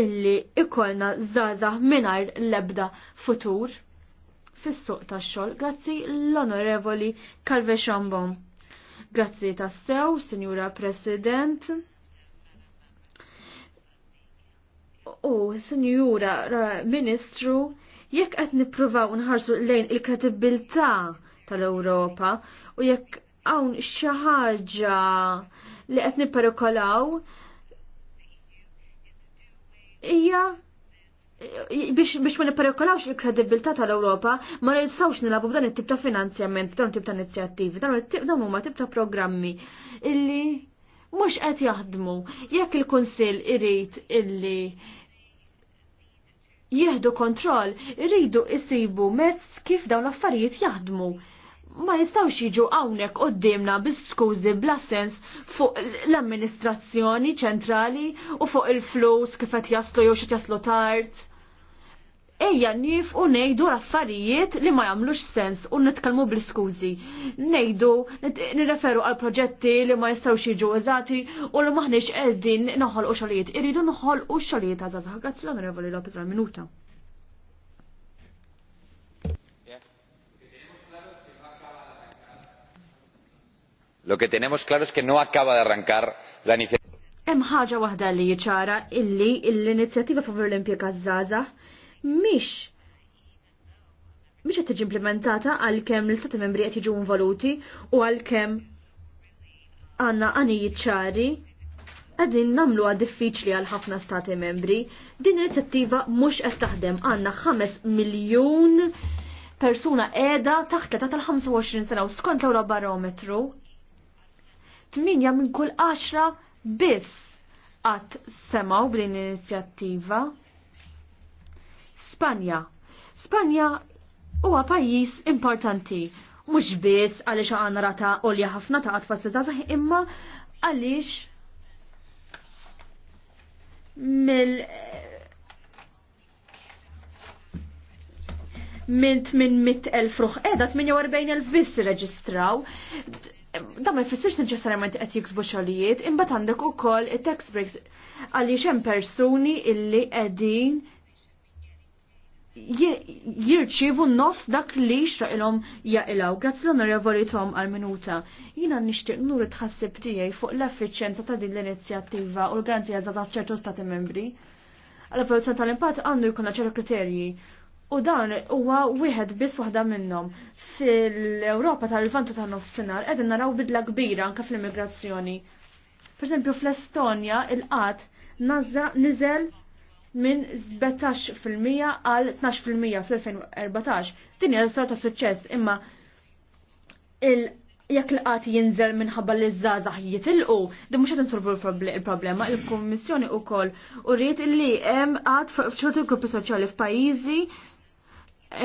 illi ikolna zazah mingħajr l-ebda futur fis-suq tax-xogħol grazzi l-Onorevoli Calve Chambon. Grazzi tassew, Sinjura President. U Sinjura Ministru, Jekk qed nippruvaw nħarsu lejn il-kredibilità tal-Ewropa u jekk hawn xi ħaġa li qed nipperikolaw hija biex ma nipperikolawx il-kredibilità tal-Ewropa, ma nistgħux nilabu b'dan it-tip ta' finanzjament, dan it-tip ta' inizjattivi, dan it-tip dan huma tip ta' programmi illi mhux qed jaħdmu jekk il-Kunsill irid illi jieħdu kontroll, rridu isibu mezz kif dawn l-affarijiet jaħdmu. Ma jistawx jiġu hawnhekk qoddimna bis-skużi bla sens fuq l-amministrazzjoni ċentrali u fuq il-flus kif qed jaslu jew xi jaslu tard ejja nif u nejdu raffarijiet li ma jamlux sens u nitkalmu bl-skużi. Nejdu, nireferu għal proġetti li ma jistaw xieġu eżati u li maħnix eddin noħol u xolijiet. Irridu noħol u xolijiet għazazah. Grazzi l-onorevoli Lopez għal-minuta. Lo que tenemos claro es que no acaba de arrancar la iniciativa. Hemm ħaġa waħda li ċara illi l inizjativa favur l-impjega żgħażagħ mhix mhix qed tiġi implementata għalkemm l-istati membri qed jiġu involuti u għalkemm għandna għanijiet ċari għadin namlu għad diffiċli għal ħafna stati membri. Din l-inizjattiva mhux qed taħdem għandna 5 miljun persuna qiegħda taħt l tal-25 sena u skont l barometru. 8 minn kull 10 biss qatt semaw l inizjattiva Spanja. Spanja huwa pajjiż importanti mhux biss għaliex għandna rata olja ħafna ta' għatfa s imma għaliex mill mint minn mit elf ruħ edha elf biss reġistraw. Da ma jfissirx neċessarjament qed jiksbu xogħlijiet, imbagħad għandek ukoll it-tax breaks għaliex hemm persuni illi qegħdin jirċivu nofs dak li xraqilom jaqilaw. Grazzi l-onorevoli Tom għal-minuta. Jina nishtiq nur tħassib tijaj fuq l efficienza ta' din l-inizjattiva u l-garanzija ta' ċertu stati membri. Għal-evoluzzjoni tal impat għandu jkun ċertu kriterji. U dan huwa wieħed biss waħda minnhom. Fil-Ewropa tal-Vantu tan-nofsinhar qegħdin naraw bidla kbira anke fl-immigrazzjoni. Per fl-Estonja il-qatt niżel minn 17% għal 12% fl-2014. Din hija strata ta' suċċess imma il jekk l-qati jinżel minħabba li żgħażagħ jitilqu, din mhux qed insolvu l-problema. Il-Kummissjoni wkoll urrid illi hemm qatt f'ċertu gruppi soċjali f'pajjiżi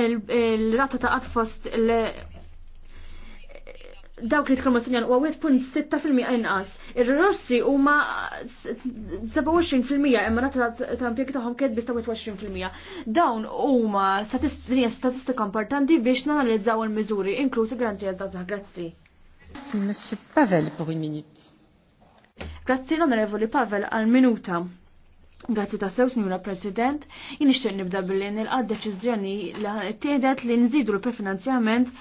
il-rata ta' qatt fost dawk li tkellmu Sinjan huwa 1.6% inqas. ir u huma 27% imma rata ta' impjeg tagħhom kien biss fil-mija. Dawn huma statistika statistika importanti biex nanalizzaw il-miżuri inklusi garanzija ta' grazzi. Grazzi, Monsieur Pavel, pour une minute. Grazzi l-Onorevoli Pavel għal minuta. Grazzi ta' sew, Signora President, jien nixtieq nibda billi għad deċiżjoni li ttieħdet li nżidu l-prefinanzjament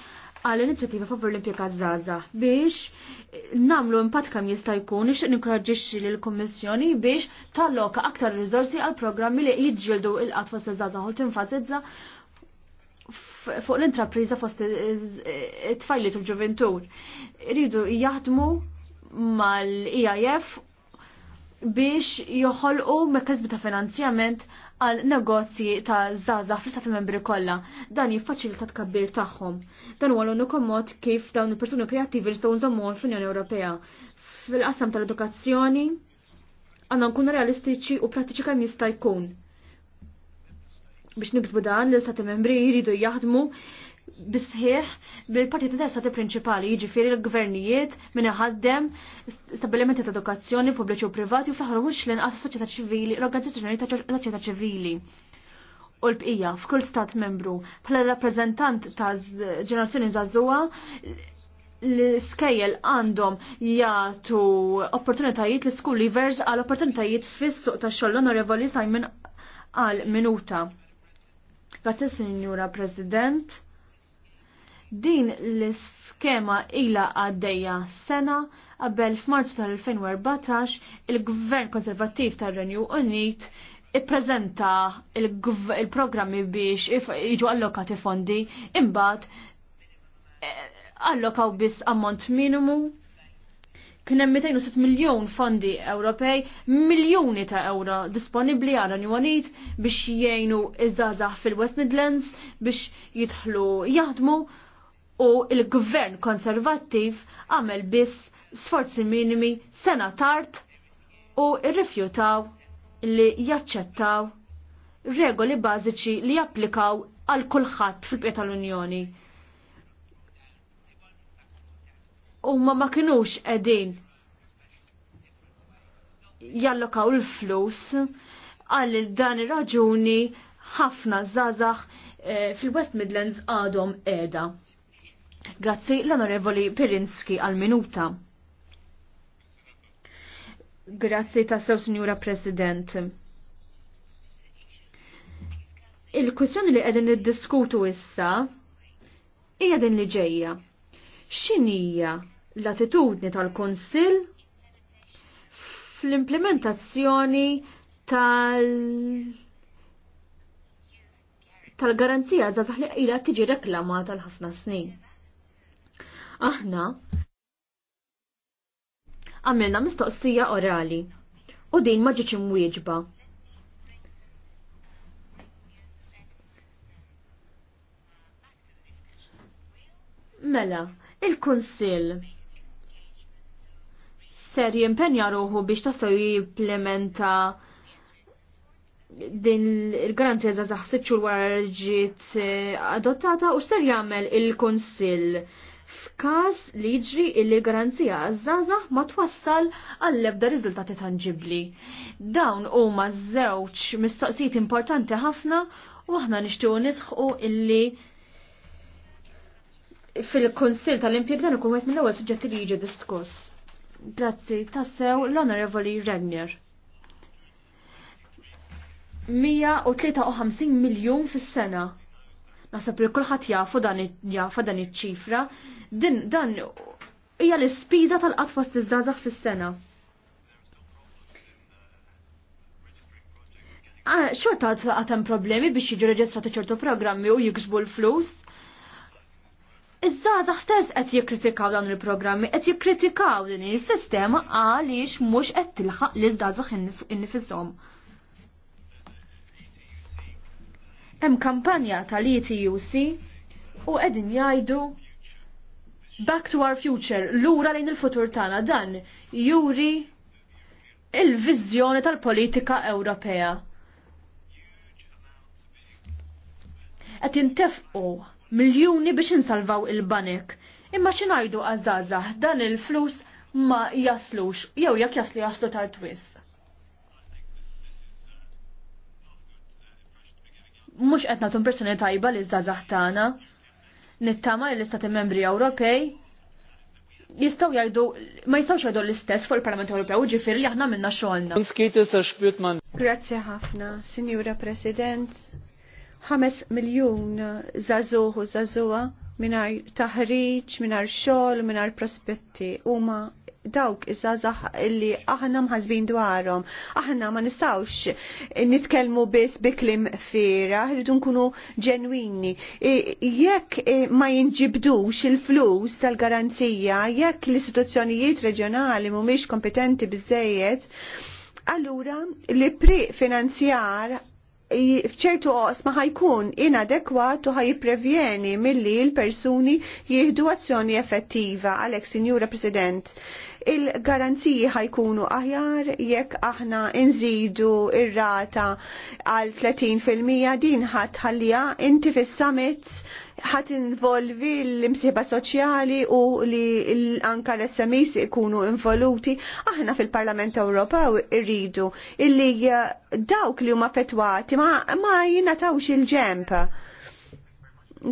għal inizjattiva favur l-impjegat zaza biex namlu impatt kam jista' jkun ix ninkoraġġixxi lill kummissjoni biex talloka aktar riżorsi għal programmi li jiġġieldu il-qatt fost iż-żaza u tinfasizza fuq l-intrapriża fost it-tfajliet u l-ġuventur. Iridu jaħdmu mal-IIF biex joħolqu mekkazbi ta' finanzjament għal negozji ta' zaza fl-istati membri kollha. Dan jiffaċilita tkabbir tagħhom. Dan huwa l-uniku mod kif dawn il-persuni kreattivi jistgħu nżommuhom fl-Unjoni Ewropea. Fil-qasam tal-edukazzjoni għandna nkunu realistiċi u pratiċi kemm jista' jkun. Biex niksbu dan l-istati membri jridu jaħdmu bisħieħ bil-partit interessati prinċipali, jiġifieri l-gvernijiet minn iħaddem stabilimenti ta' edukazzjoni pubbliċi u privati u fl-aħħar mhux l-inqas soċjetà ċivili, l-organizzazzjoni ta' soċjetà ċivili. U l-bqija f'kull stat membru bħala rappreżentant ta' ġenerazzjoni żagħżugħa l-skejjel għandhom jagħtu opportunitajiet l school leavers għal opportunitajiet fis-suq tax-xogħol onorevoli Simon għal minuta. Grazie, Signora President. Din l-iskema ila għaddejja sena qabel f'Marzu tal-2014 il-Gvern Konservattiv tar-Renju Unit ippreżenta il-programmi biex jiġu allokati fondi imbagħad eh, allokaw biss ammont minimu kien hemm 206 miljun fondi Ewropej, miljuni ta' euro disponibbli għal Unit biex jgħinu iż-żgħażagħ fil-West Midlands biex jidħlu jaħdmu u il-gvern konservattiv għamel biss sforzi minimi sena tard u rrifjutaw li jaċċettaw regoli bażiċi li japplikaw għal kulħadd fil-bqiet tal-Unjoni. U ma ma kinux qegħdin jallokaw il-flus għal dan ir-raġuni ħafna zazax eh, fil-West Midlands għadhom qiegħda. Grazzi l-Onorevoli Pirinski għal-minuta. Grazzi tassew, Signora President. Il-kwistjoni li qegħdin niddiskutu issa hija din li ġejja. X'inhija l-attitudni tal-Kunsill fl-implementazzjoni tal tal-garanzija zazah li ila tiġi reklamata tal ħafna snin. Aħna għamilna mistoqsija orali u din ma ġiċ imwieġba. Mela, il-Kunsill ser jimpenja ruħu biex tasaw jimplementa din il-garanzija za zaħsibċu l-wara ġiet eh, adottata u ser jagħmel il-Kunsill f'każ li jiġri illi garanzija żgħażagħ ma twassal għall-ebda riżultati tangibbli. Dawn huma żewġ mistoqsijiet importanti ħafna u aħna nixtiequ nisħu illi fil-Konsil tal-Impjeg dan ikun wieħed mill-ewwel suġġetti li jiġi diskuss. Grazzi, tassew l honorable Renner. 153 miljun fis-sena Nasab li kulħadd jafu dan jafu dan iċ-ċifra, din dan hija l-ispiża tal-qatt fost iż-żgħażagħ fis-sena. xorta għatem problemi biex jiġu reġistrati ċertu programmi u jiksbu l-flus. Iżda stess qed jikkritikaw dan il-programmi, qed jikkritikaw din is-sistema għaliex mhux qed tilħaq li żdażaħ innifisom. In Hemm kampanja tal-ETUC u qegħdin jgħidu Back to our future, lura lejn il-futur tagħna dan juri il-viżjoni tal-politika Ewropea. Qed jintefqu miljuni biex insalvaw il-banek. Imma xi ngħidu għażażaħ dan il-flus ma jaslux jew jekk jaslu jaslu tar twiss. mhux qed nagħtu impressjoni tajba li żgħażagħ tagħna. Nittama li l-Istati Membri Ewropej jistaw jajdu, ma jistaw jajdu l-istess fuq il-Parlament Ewropew, ġifir li aħna minna xogħolna. Grazzi ħafna, Sinjura President. 5 miljun zazuħu zazuħa minar taħriġ, minar xogħol, minar prospetti huma dawk iż-żazax li aħna mħazbin dwarhom. Aħna ma nistawx nitkellmu biss biklim fira, rridu nkunu ġenwini. Jekk ma jinġibdux il-flus tal-garanzija, jekk l-istituzzjonijiet reġjonali mhumiex kompetenti biżejjed, allura li pri finanzjar fċertu osma ħajkun inadekwat u ħajprevjeni milli l-persuni jihdu azzjoni effettiva. Alex, Signora President, il-garanziji ħajkunu aħjar jekk aħna inżidu ir-rata għal 30% din ħatħallija inti fis-summit ħat involvi l-imsieba soċjali u li anka l-SMIs ikunu involuti. Aħna fil-Parlament Ewropew irridu illi dawk li huma fetwati ma, ma jinatawx il-ġemp.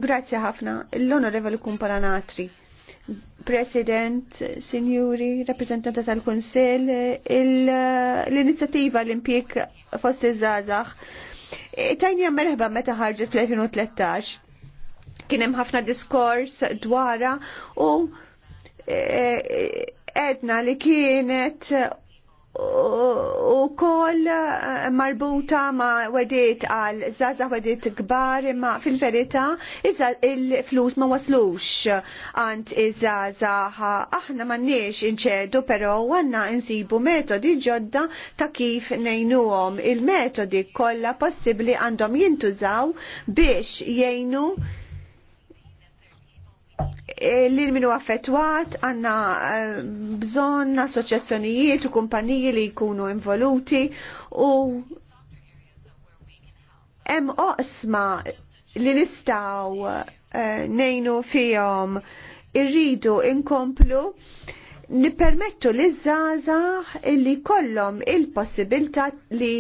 Grazie ħafna. L-Onorevoli Kumpalanatri. President, Sinjuri, rappresentanta tal-Kunsel, l-inizjattiva l-impjek fost iż-żazax. E, tajni merħba meta ħarġet fl-2013. Kien hemm ħafna diskors dwara u e, e, edna li kienet u kol eh, marbuta ma wedit għal zaza wedit kbar ma fil-verita il-flus ma waslux għant iż-żaza aħna ma nix inċedu pero għanna insibu metodi ġodda ta' kif nejnuhom il-metodi kollha possibbli għandhom jintużaw biex jgħinu E, l minu affettwat għanna e, bżon assoċjazzjonijiet u kumpaniji li jkunu involuti u hemm oqsma li nistaw e, nejnu fihom irridu inkomplu nipermettu li zaza li kollom il-possibilta li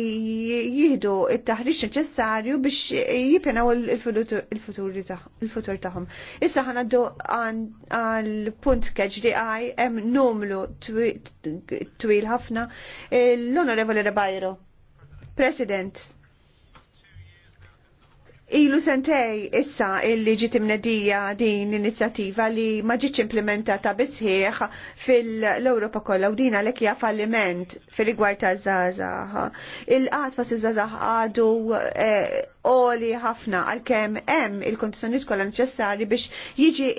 jihdu il-taħriċ neċessarju biex jipjenaw il-futur taħħom. Issa ħanaddu għal-punt keġri għaj em numlu twil ħafna l-onorevoli Rebajro. President, Ilu sentej issa illi ġiet imnedija din l-inizjattiva li ma ġietx implementata bisħieħ fil-Ewropa kollha u din għalhekk hija falliment fil rigward taż-żgħażagħ. Il-qatfa siż-żgħażagħ għadu għoli eh, ħafna għalkemm hemm il-kondizzjonijiet kollha neċessarji biex jiġi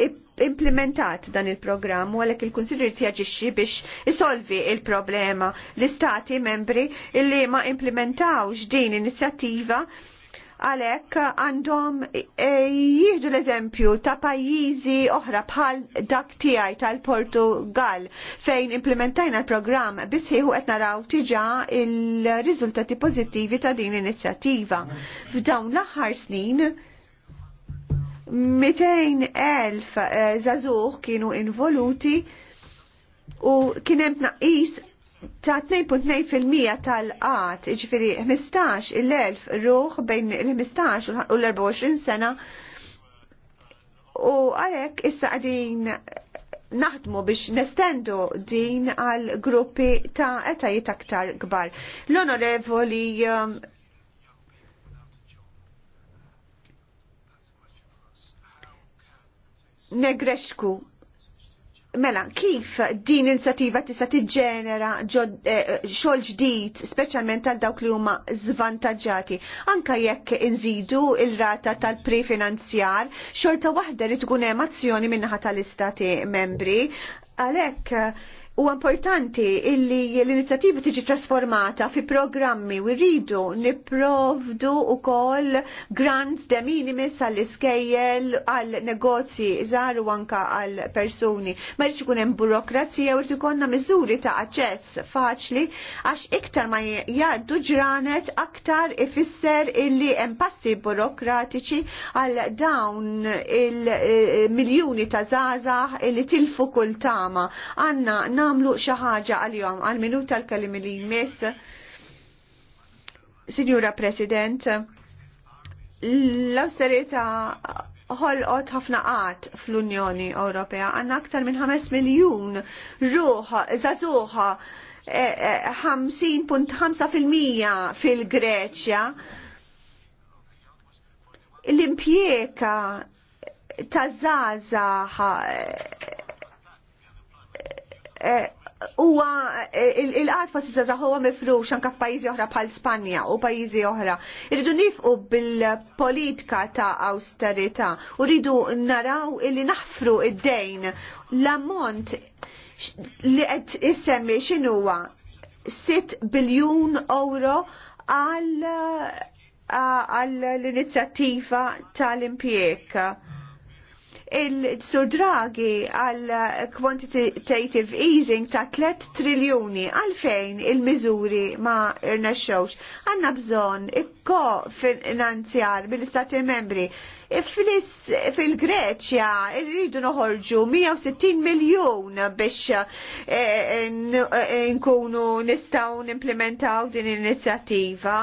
implementat dan il-programm u għalhekk il-Kunsillir jaġixxi biex isolvi il-problema l-istati membri illi ma implementawx din inizjattiva għalek għandhom e, jihdu l-eżempju ta' pajjiżi oħra bħal dak tiegħi tal-Portugal fejn implementajna l-programm biss ħieħu qed naraw tiġa il-riżultati pożittivi ta' din l-inizjattiva. F'dawn l-aħħar snin 200,000 zazuħ e, kienu involuti u kien hemm tnaqqis ta' 2.2% tal-qat, ġifiri 15 il-1000 ruħ bejn il-15 u l-24 sena u għalek issa għadin naħdmu biex nestendu din għal gruppi ta' etajiet aktar gbar. L-onorevoli um, Negresku Mela, kif din inizjattiva tista' tiġġenera eh, xogħol ġdid, speċjalment għal dawk li huma żvantaġġati, anke jekk inżidu il-rata tal-prefinanzjar, xorta waħda li tkun hemm azzjoni min-naħa tal-istati membri. Għalhekk U importanti illi l-inizjattiva tiġi trasformata fi programmi u rridu niprovdu u kol grants de minimis għall-iskejjel, għall-negozji, zaru anka għall-persuni. Ma rridx ikun hemm burokrazija u rridu konna miżuri ta' aċċess faċli għax iktar ma jgħaddu ġranet aktar ifisser illi hemm passi burokratiċi għal dawn il-miljuni ta' zazah illi tilfu kull tama namlu xi ħaġa jom għal minuta l kalimi li jmess. Signora President, l-austerità ħolqot ħafna qat fl-Unjoni Ewropea għanna aktar minn 5 miljun ruħa, zazuħa, 50.5% fil-Greċja. L-impjeka ta' zazaħa Eh, huwa eh, il-qat fost iżda huwa mifrux anka f'pajjiżi oħra bħal Spanja u pajjiżi oħra. Irridu nifqu bil-politika ta' austerita u rridu naraw illi naħfru id-dejn l-ammont li qed issemmi x'inhuwa 6 biljun euro għal eh, l-inizjattiva tal-impjek il-Sur Draghi għal quantitative easing ta' 3 triljuni għalfejn il-miżuri ma irnexxewx. Għanna bżonn ikko finanzjar bil istati membri fil-Greċja irridu noħorġu 160 miljon biex eh, eh, nkunu nistaw nimplementaw din l-inizjattiva.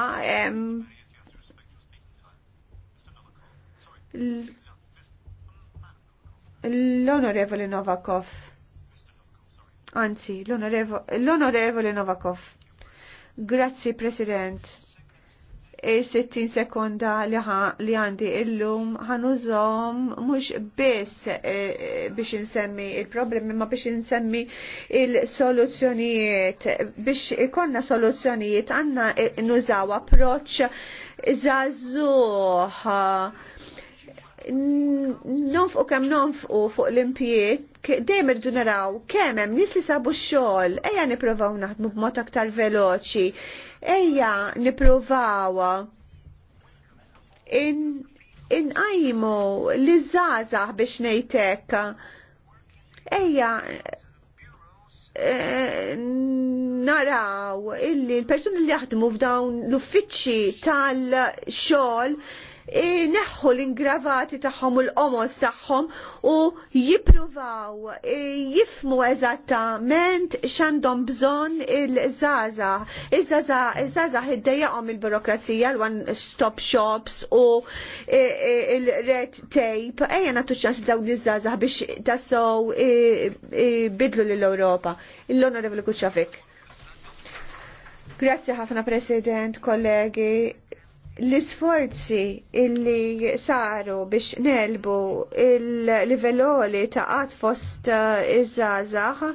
L-Onorevoli Novakov. Anzi, l-Onorevoli Novakov. Grazzi, President. Il-60 sekonda li għandi illum ħanużom mux biss eh, biex insemmi il-problemi ma biex insemmi il-soluzzjonijiet. Biex ikonna soluzzjonijiet għanna eh, nużaw approċ zazuħ nonfqu kem nonfqu fuq l-impijiet, dejjem irdu naraw kemm hemm nies li sabu x-xogħol, ejja nippruvaw naħdmu b'mod aktar veloċi, ejja nippruvaw inqajmu li żgħażagħ biex ngħid hekk. Ejja e, naraw illi l-persuni li jaħdmu f'dawn l-uffiċċji tal-xogħol E, neħħu l-ingravati tagħhom u l omos tagħhom u jippruvaw e, jifmu eżattament x'għandhom bżonn il Il-zaza żaża ħiddejjaqhom il-burokrazija l-one stop shops u e, il-red tape. Ejja natu ċans dawn iż zaza biex tassew bidlu lill-Ewropa. il lonorevoli Kuċafik. Grazzi ħafna President, kollegi l-isforzi illi saru biex nelbu il-livelloli ta' għad fost eh, iż-żazax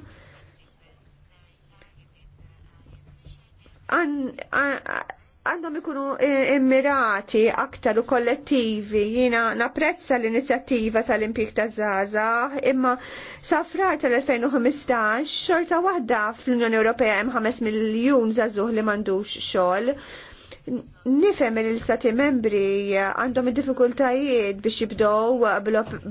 għandhom ikunu eh, immirati aktar u kollettivi jina naprezza l-inizjattiva tal impik ta' Zaza imma safrar tal-2015 xorta waħda fl-Unjoni Ewropea hemm 5 miljun zazuh li mandux xogħol Nifem il sati membri għandhom il-difikultajiet biex jibdow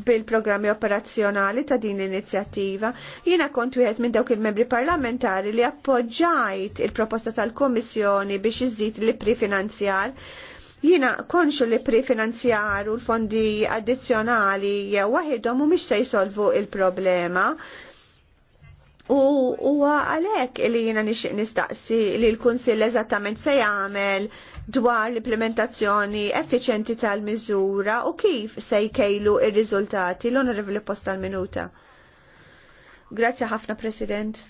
bil-programmi operazzjonali ta' din l-inizjattiva. Jiena kont wieħed minn dawk il-membri parlamentari li appoġġajt il-proposta tal-Komissjoni biex iżid li finanzjar. Jiena konxu li finanzjar u l-fondi addizzjonali waħedhom mhumiex se jsolvu il-problema. il il problema U huwa għalhekk li jiena nixtieq nistaqsi li l-Kunsill eżattament se jagħmel dwar l-implementazzjoni effiċenti tal-miżura u kif se jkejlu ir-riżultati l-Onorevoli Post tal-Minuta. Grazzi ħafna President.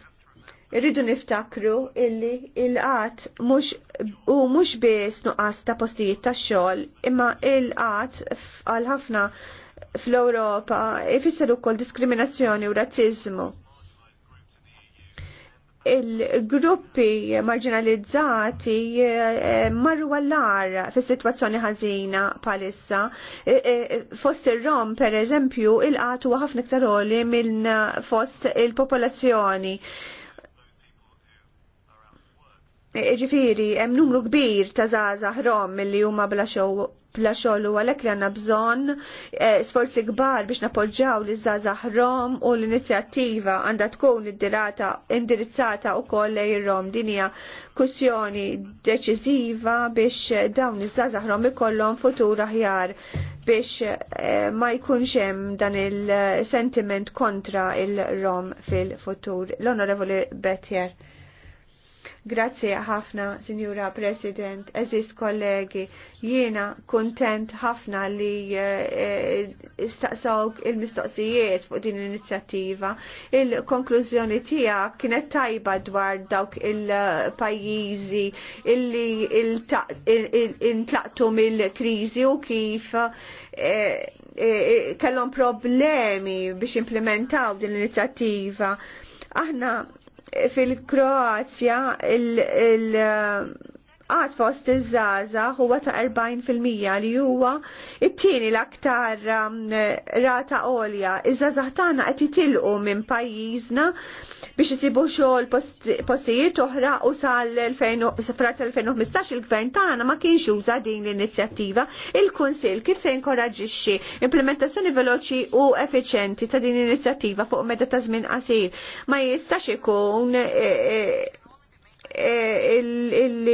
Irridu niftakru illi il-qat mhux u mhux biss nuqqas ta' postijiet tax-xogħol, imma il-qat għal ħafna fl-Ewropa ifisser ukoll diskriminazzjoni u razziżmu il-gruppi marginalizzati eh, eh, marru għallar fi situazzjoni ħażina palissa. Eh, fost il-rom, per eżempju, il-qatu ħafna iktar oli minn fost il-popolazzjoni. Ġifiri, hemm numru kbir ta' zazah rom li huma bla xew bla xogħol għalek għalhekk li għandna bżonn eh, sforzi kbar biex napoġġaw li zazah Rom u l-inizjattiva għandha tkun id-dirata indirizzata wkoll lejn Rom din hija deċiziva deċiżiva biex eh, dawn iż-żgħażagħ Rom ikollhom futur aħjar biex eh, ma jkunx hemm dan il-sentiment kontra il-Rom fil-futur. L-Onorevoli Betjer. Grazie ħafna, Signora President, eżis kollegi, jiena kontent ħafna li istaqsawk eh, eh, il-mistoqsijiet fuq din l-inizjattiva. Il-konklużjoni tiegħek kienet tajba dwar dawk il-pajjiżi illi intlaqtu mill-kriżi u kif eh, kellhom problemi biex implementaw din l-inizjattiva. Aħna fil-Kroazja il- eh, għad fost iż-żaza huwa ta' 40% li huwa it-tieni l-aktar eh, rata għolja. Iż-żaza tagħna qed itilqu minn pajjiżna biex isibu xogħol postijiet oħra u sal-2015 il-gvern tagħna ma kienx juża din l-inizjattiva. Il-Kunsill kif se jinkoraġixxi implementazzjoni veloċi u efficienti ta' din l-inizjattiva fuq meta ta' żmien qasir ma jistax ikun eh, eh, Eh, il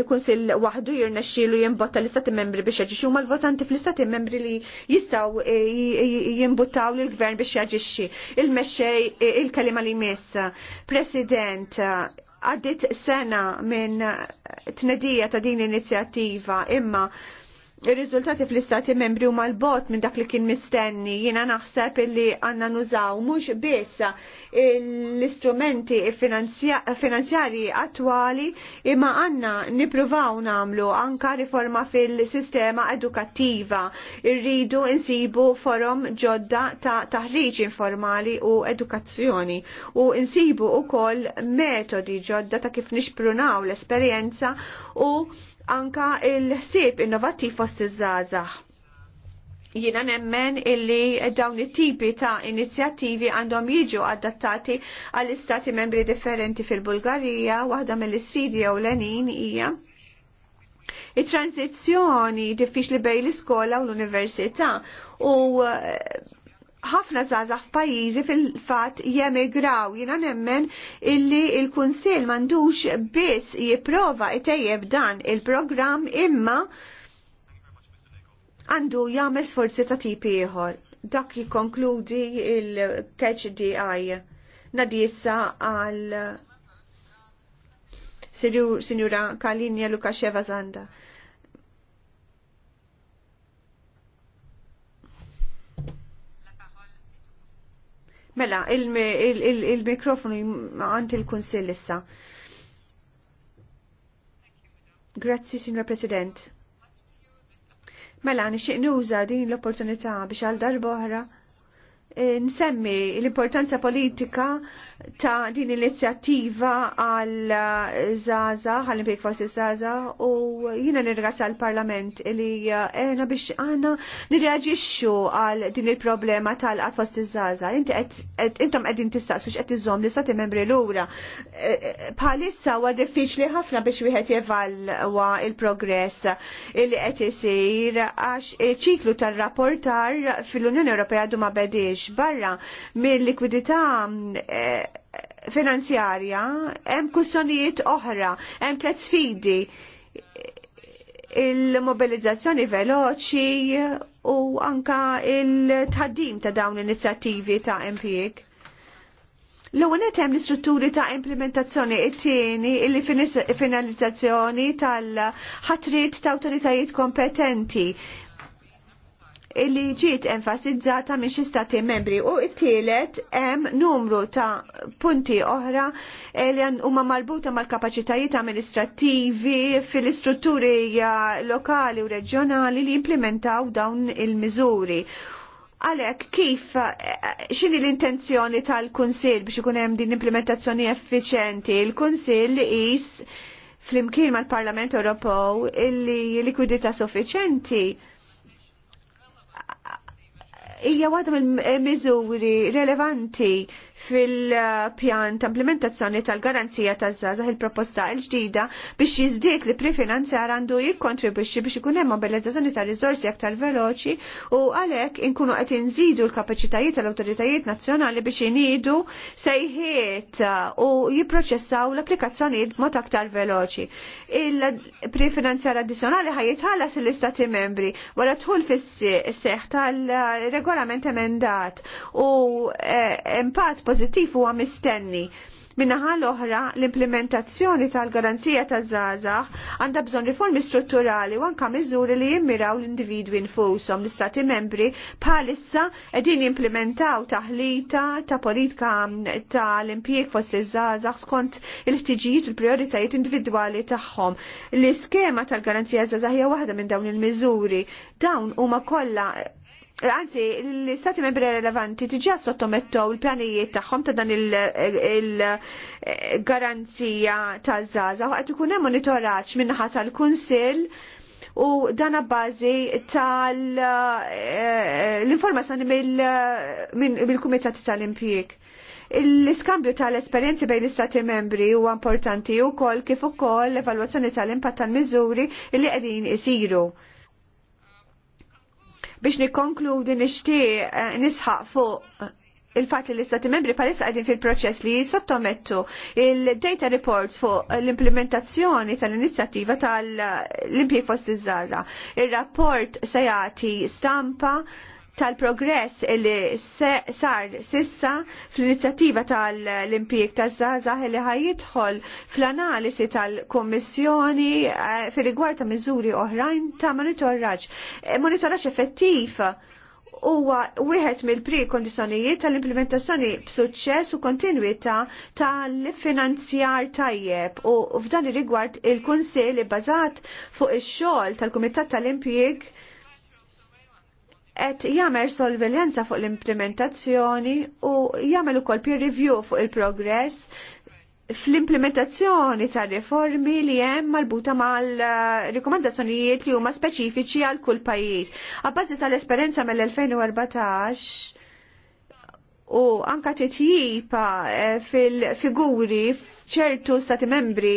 l-Kunsill waħdu jirnexxielu jimbotta l-Istati membri biex jaġixxu ma l-votanti fl-Istati membri li jistgħu eh, jimbuttaw lill-Gvern biex jaġixxi. Il-mexxej eh, il-kelima li miss. President, għaddit sena minn tnedija ta' din l-inizjattiva imma ir-riżultati fl-istati membri huma l-bot minn dak li kien mistenni jiena naħseb illi għandna nużaw mhux biss l-istrumenti finanzjarji attwali imma għandna nippruvaw nagħmlu anka riforma fil-sistema edukattiva. Irridu insibu forum ġodda ta' taħriġ informali u edukazzjoni u insibu ukoll metodi ġodda ta' kif nixprunaw l-esperjenza u anka il-ħsieb innovattiv fost iż-żgħażagħ. Jiena nemmen illi dawn it-tipi ta' inizjattivi għandhom jiġu adattati għall-istati membri differenti fil-Bulgarija, waħda mill-isfidi l-enin hija it-tranzizjoni diffiċli bej l-iskola u l-università u ħafna zazax f'pajjiżi fil-fat jemigraw. Jina nemmen illi il-Kunsil mandux biss jipprova itejjeb dan il-programm imma għandu jagħmel sforzi ta' tipi ieħor. Dak jikonkludi il-catch DI. Nadissa għal Sinjura Kalinja Lukasheva Zanda. Mela, il-mikrofonu għant il-Kunsill issa. Grazzi, Signor President. Mela, nixieq nuża din l-opportunità biex għal oħra eh, nsemmi l-importanza politika ta' din l-inizjattiva għal Zaza, għal impjeg fossi Zaza, u jina nirgazza għal parlament li għena eh, biex għana nirreagġixxu għal din il-problema tal-għat fossi Zaza. Intom għedin tistaqsu x'qed iżom li sati membri l-ura. Palissa eh, eh, huwa diffiċli ħafna biex wieħed jevalwa il-progress li qed isir għax ċiklu tal-rapportar fil-Unjoni Ewropea d'uma ma bedix barra mill-likwidità finanzjarja, hemm kustjonijiet oħra, hemm tliet sfidi il-mobilizzazzjoni veloċi u anka il-tħaddim ta' dawn l-inizjattivi ta' MPIK. L-ewwel qed hemm l-istrutturi ta' implementazzjoni it-tieni il finalizzazzjoni tal-ħatrit ta' autoritajiet kompetenti Illi ġiet enfasizzata minn xi stati membri u t-tielet hemm numru ta' punti oħra eh, li huma marbuta mal-kapaċitajiet amministrattivi fil-istrutturi eh, lokali u reġjonali li implementaw dawn il-miżuri. Għalek, kif, eh, xini l-intenzjoni tal-Kunsil biex ikun hemm din implementazzjoni effiċenti? Il-Kunsil is fl-imkien mal-Parlament Ewropew illi likwidità suffiċenti hija waħda mill-miżuri relevanti fil-pjan ta' implementazzjoni tal-garanzija taż-żgħażagħ il-proposta l-ġdida biex jiżdied li prefinanzjar għandu jikkontribwixxi biex ikun hemm mobilizzazzjoni ta' riżorsi aktar veloċi u għalhekk inkunu qed inżidu l-kapaċitajiet tal-awtoritajiet nazzjonali biex inidu sejħiet u jipproċessaw l-applikazzjonijiet mod aktar veloċi. Il-prefinanzjar addizzjonali ħajjitħallas l-istati membri wara tħul fis-seħħ tal-regolament emendat u eh, impatt pożittiv huwa mistenni. Minnaħa l-oħra, l-implementazzjoni tal-garanzija tal-żazax għandha bżonn riformi strutturali u anka miżuri li jimmiraw l-individwi nfushom l-istati membri bħalissa qegħdin jimplementaw taħlita ta' politika tal-impjieg fost iż-żazax skont il-ħtiġijiet u l-prijoritajiet individwali tagħhom. L-iskema tal-garanzija żazax hija waħda minn dawn il-miżuri. Dawn huma kollha Eh, anzi, l-istati membri relevanti tiġa sottomettow il-pjanijiet tagħhom ta' dan il-garanzija eh, ta' zaza għat ikun hemm monitoraġġ naħa tal-Kunsill u dan bażi tal-informazzjoni eh, mill-Kumitati tal-Impjieg. L-iskambju tal-esperjenzi bejn l-istati membri huwa importanti wkoll kif ukoll l-evalwazzjoni tal-impatt tal-miżuri li qegħdin isiru. Biex nikonkludi nixtieq eh, nisħaq fuq eh, il-fat li l-istati membri palissa għadin fil-proċess li sottomettu il-data reports fuq l-implementazzjoni tal-inizjattiva tal-impjeg fost iż-żaza. Il-rapport se jagħti stampa tal-progress li sar sissa fl-inizjattiva tal impjeg taż-żgħażagħ li ħajjidħol fl-analisi tal-Kummissjoni eh, fir-rigward ta' miżuri oħrajn ta' monitoraġġ. Eh, monitoraġġ effettiv huwa wieħed mill-prekondizzjonijiet tal-implementazzjoni b'suċċess u kontinwità tal-finanzjar tajjeb u f'dan ir-rigward il-Kunsill ibbażat fuq ix-xogħol tal-Kumitat tal-Impjieg tal kumitat tal impjieg qed jagħmel solvenza fuq l-implementazzjoni u jagħmel ukoll peer review fuq il-progress fl-implementazzjoni ta' riformi li hemm marbuta mal-rikomandazzjonijiet li huma speċifiċi għal kull pajjiż. Abbażi tal-esperjenza mill-2014 u anka titjipa eh, fil-figuri ċertu stati membri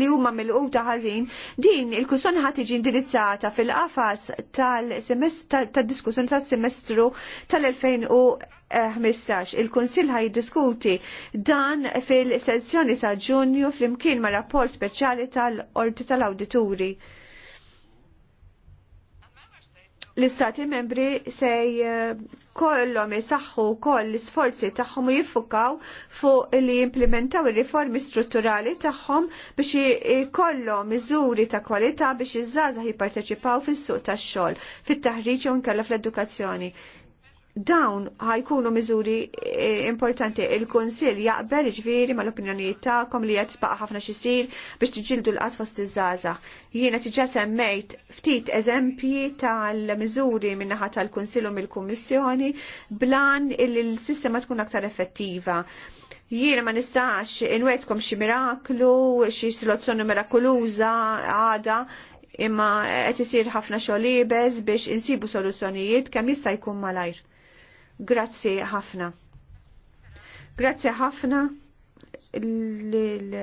li huma mill-quta ħażin, din il-kussjoni ħad tiġi indirizzata fil-qafas tad-diskussjoni tas-semestru tal-2015. Il-Kunsill ħaj diskuti dan fil-sezzjoni ta' Ġunju fl-imkien ma' rapport speċjali tal-Orti tal-Awdituri. tal qorti tal awdituri l-istati membri sej eh, kollom jisaxħu koll l-sforzi taħħom u jiffukaw fuq li jimplementaw il-riformi strutturali taħħom biex kollom miżuri ta' kwalità biex iż-żazah jipparteċipaw fis-suq tax-xogħol, fit-taħriġ u nkella fl-edukazzjoni dawn ħajkunu miżuri eh, importanti il-Konsil jaqbel ġviri ma l-opinjonijiet tagħkom li qed tbaqa' ħafna xisir biex tġildu l atfost fost iż Jiena tiġa semmejt ftit eżempji tal-miżuri min-naħa tal-Kunsill u mill-Kummissjoni blan il l-sistema tkun aktar effettiva. Jiena ma nistax inwetkom xi miraklu, xi soluzzjoni mirakuluża għada imma qed isir ħafna xogħol biex insibu soluzzjonijiet kemm jista' jkun malajr. Grazie ħafna. Grazie ħafna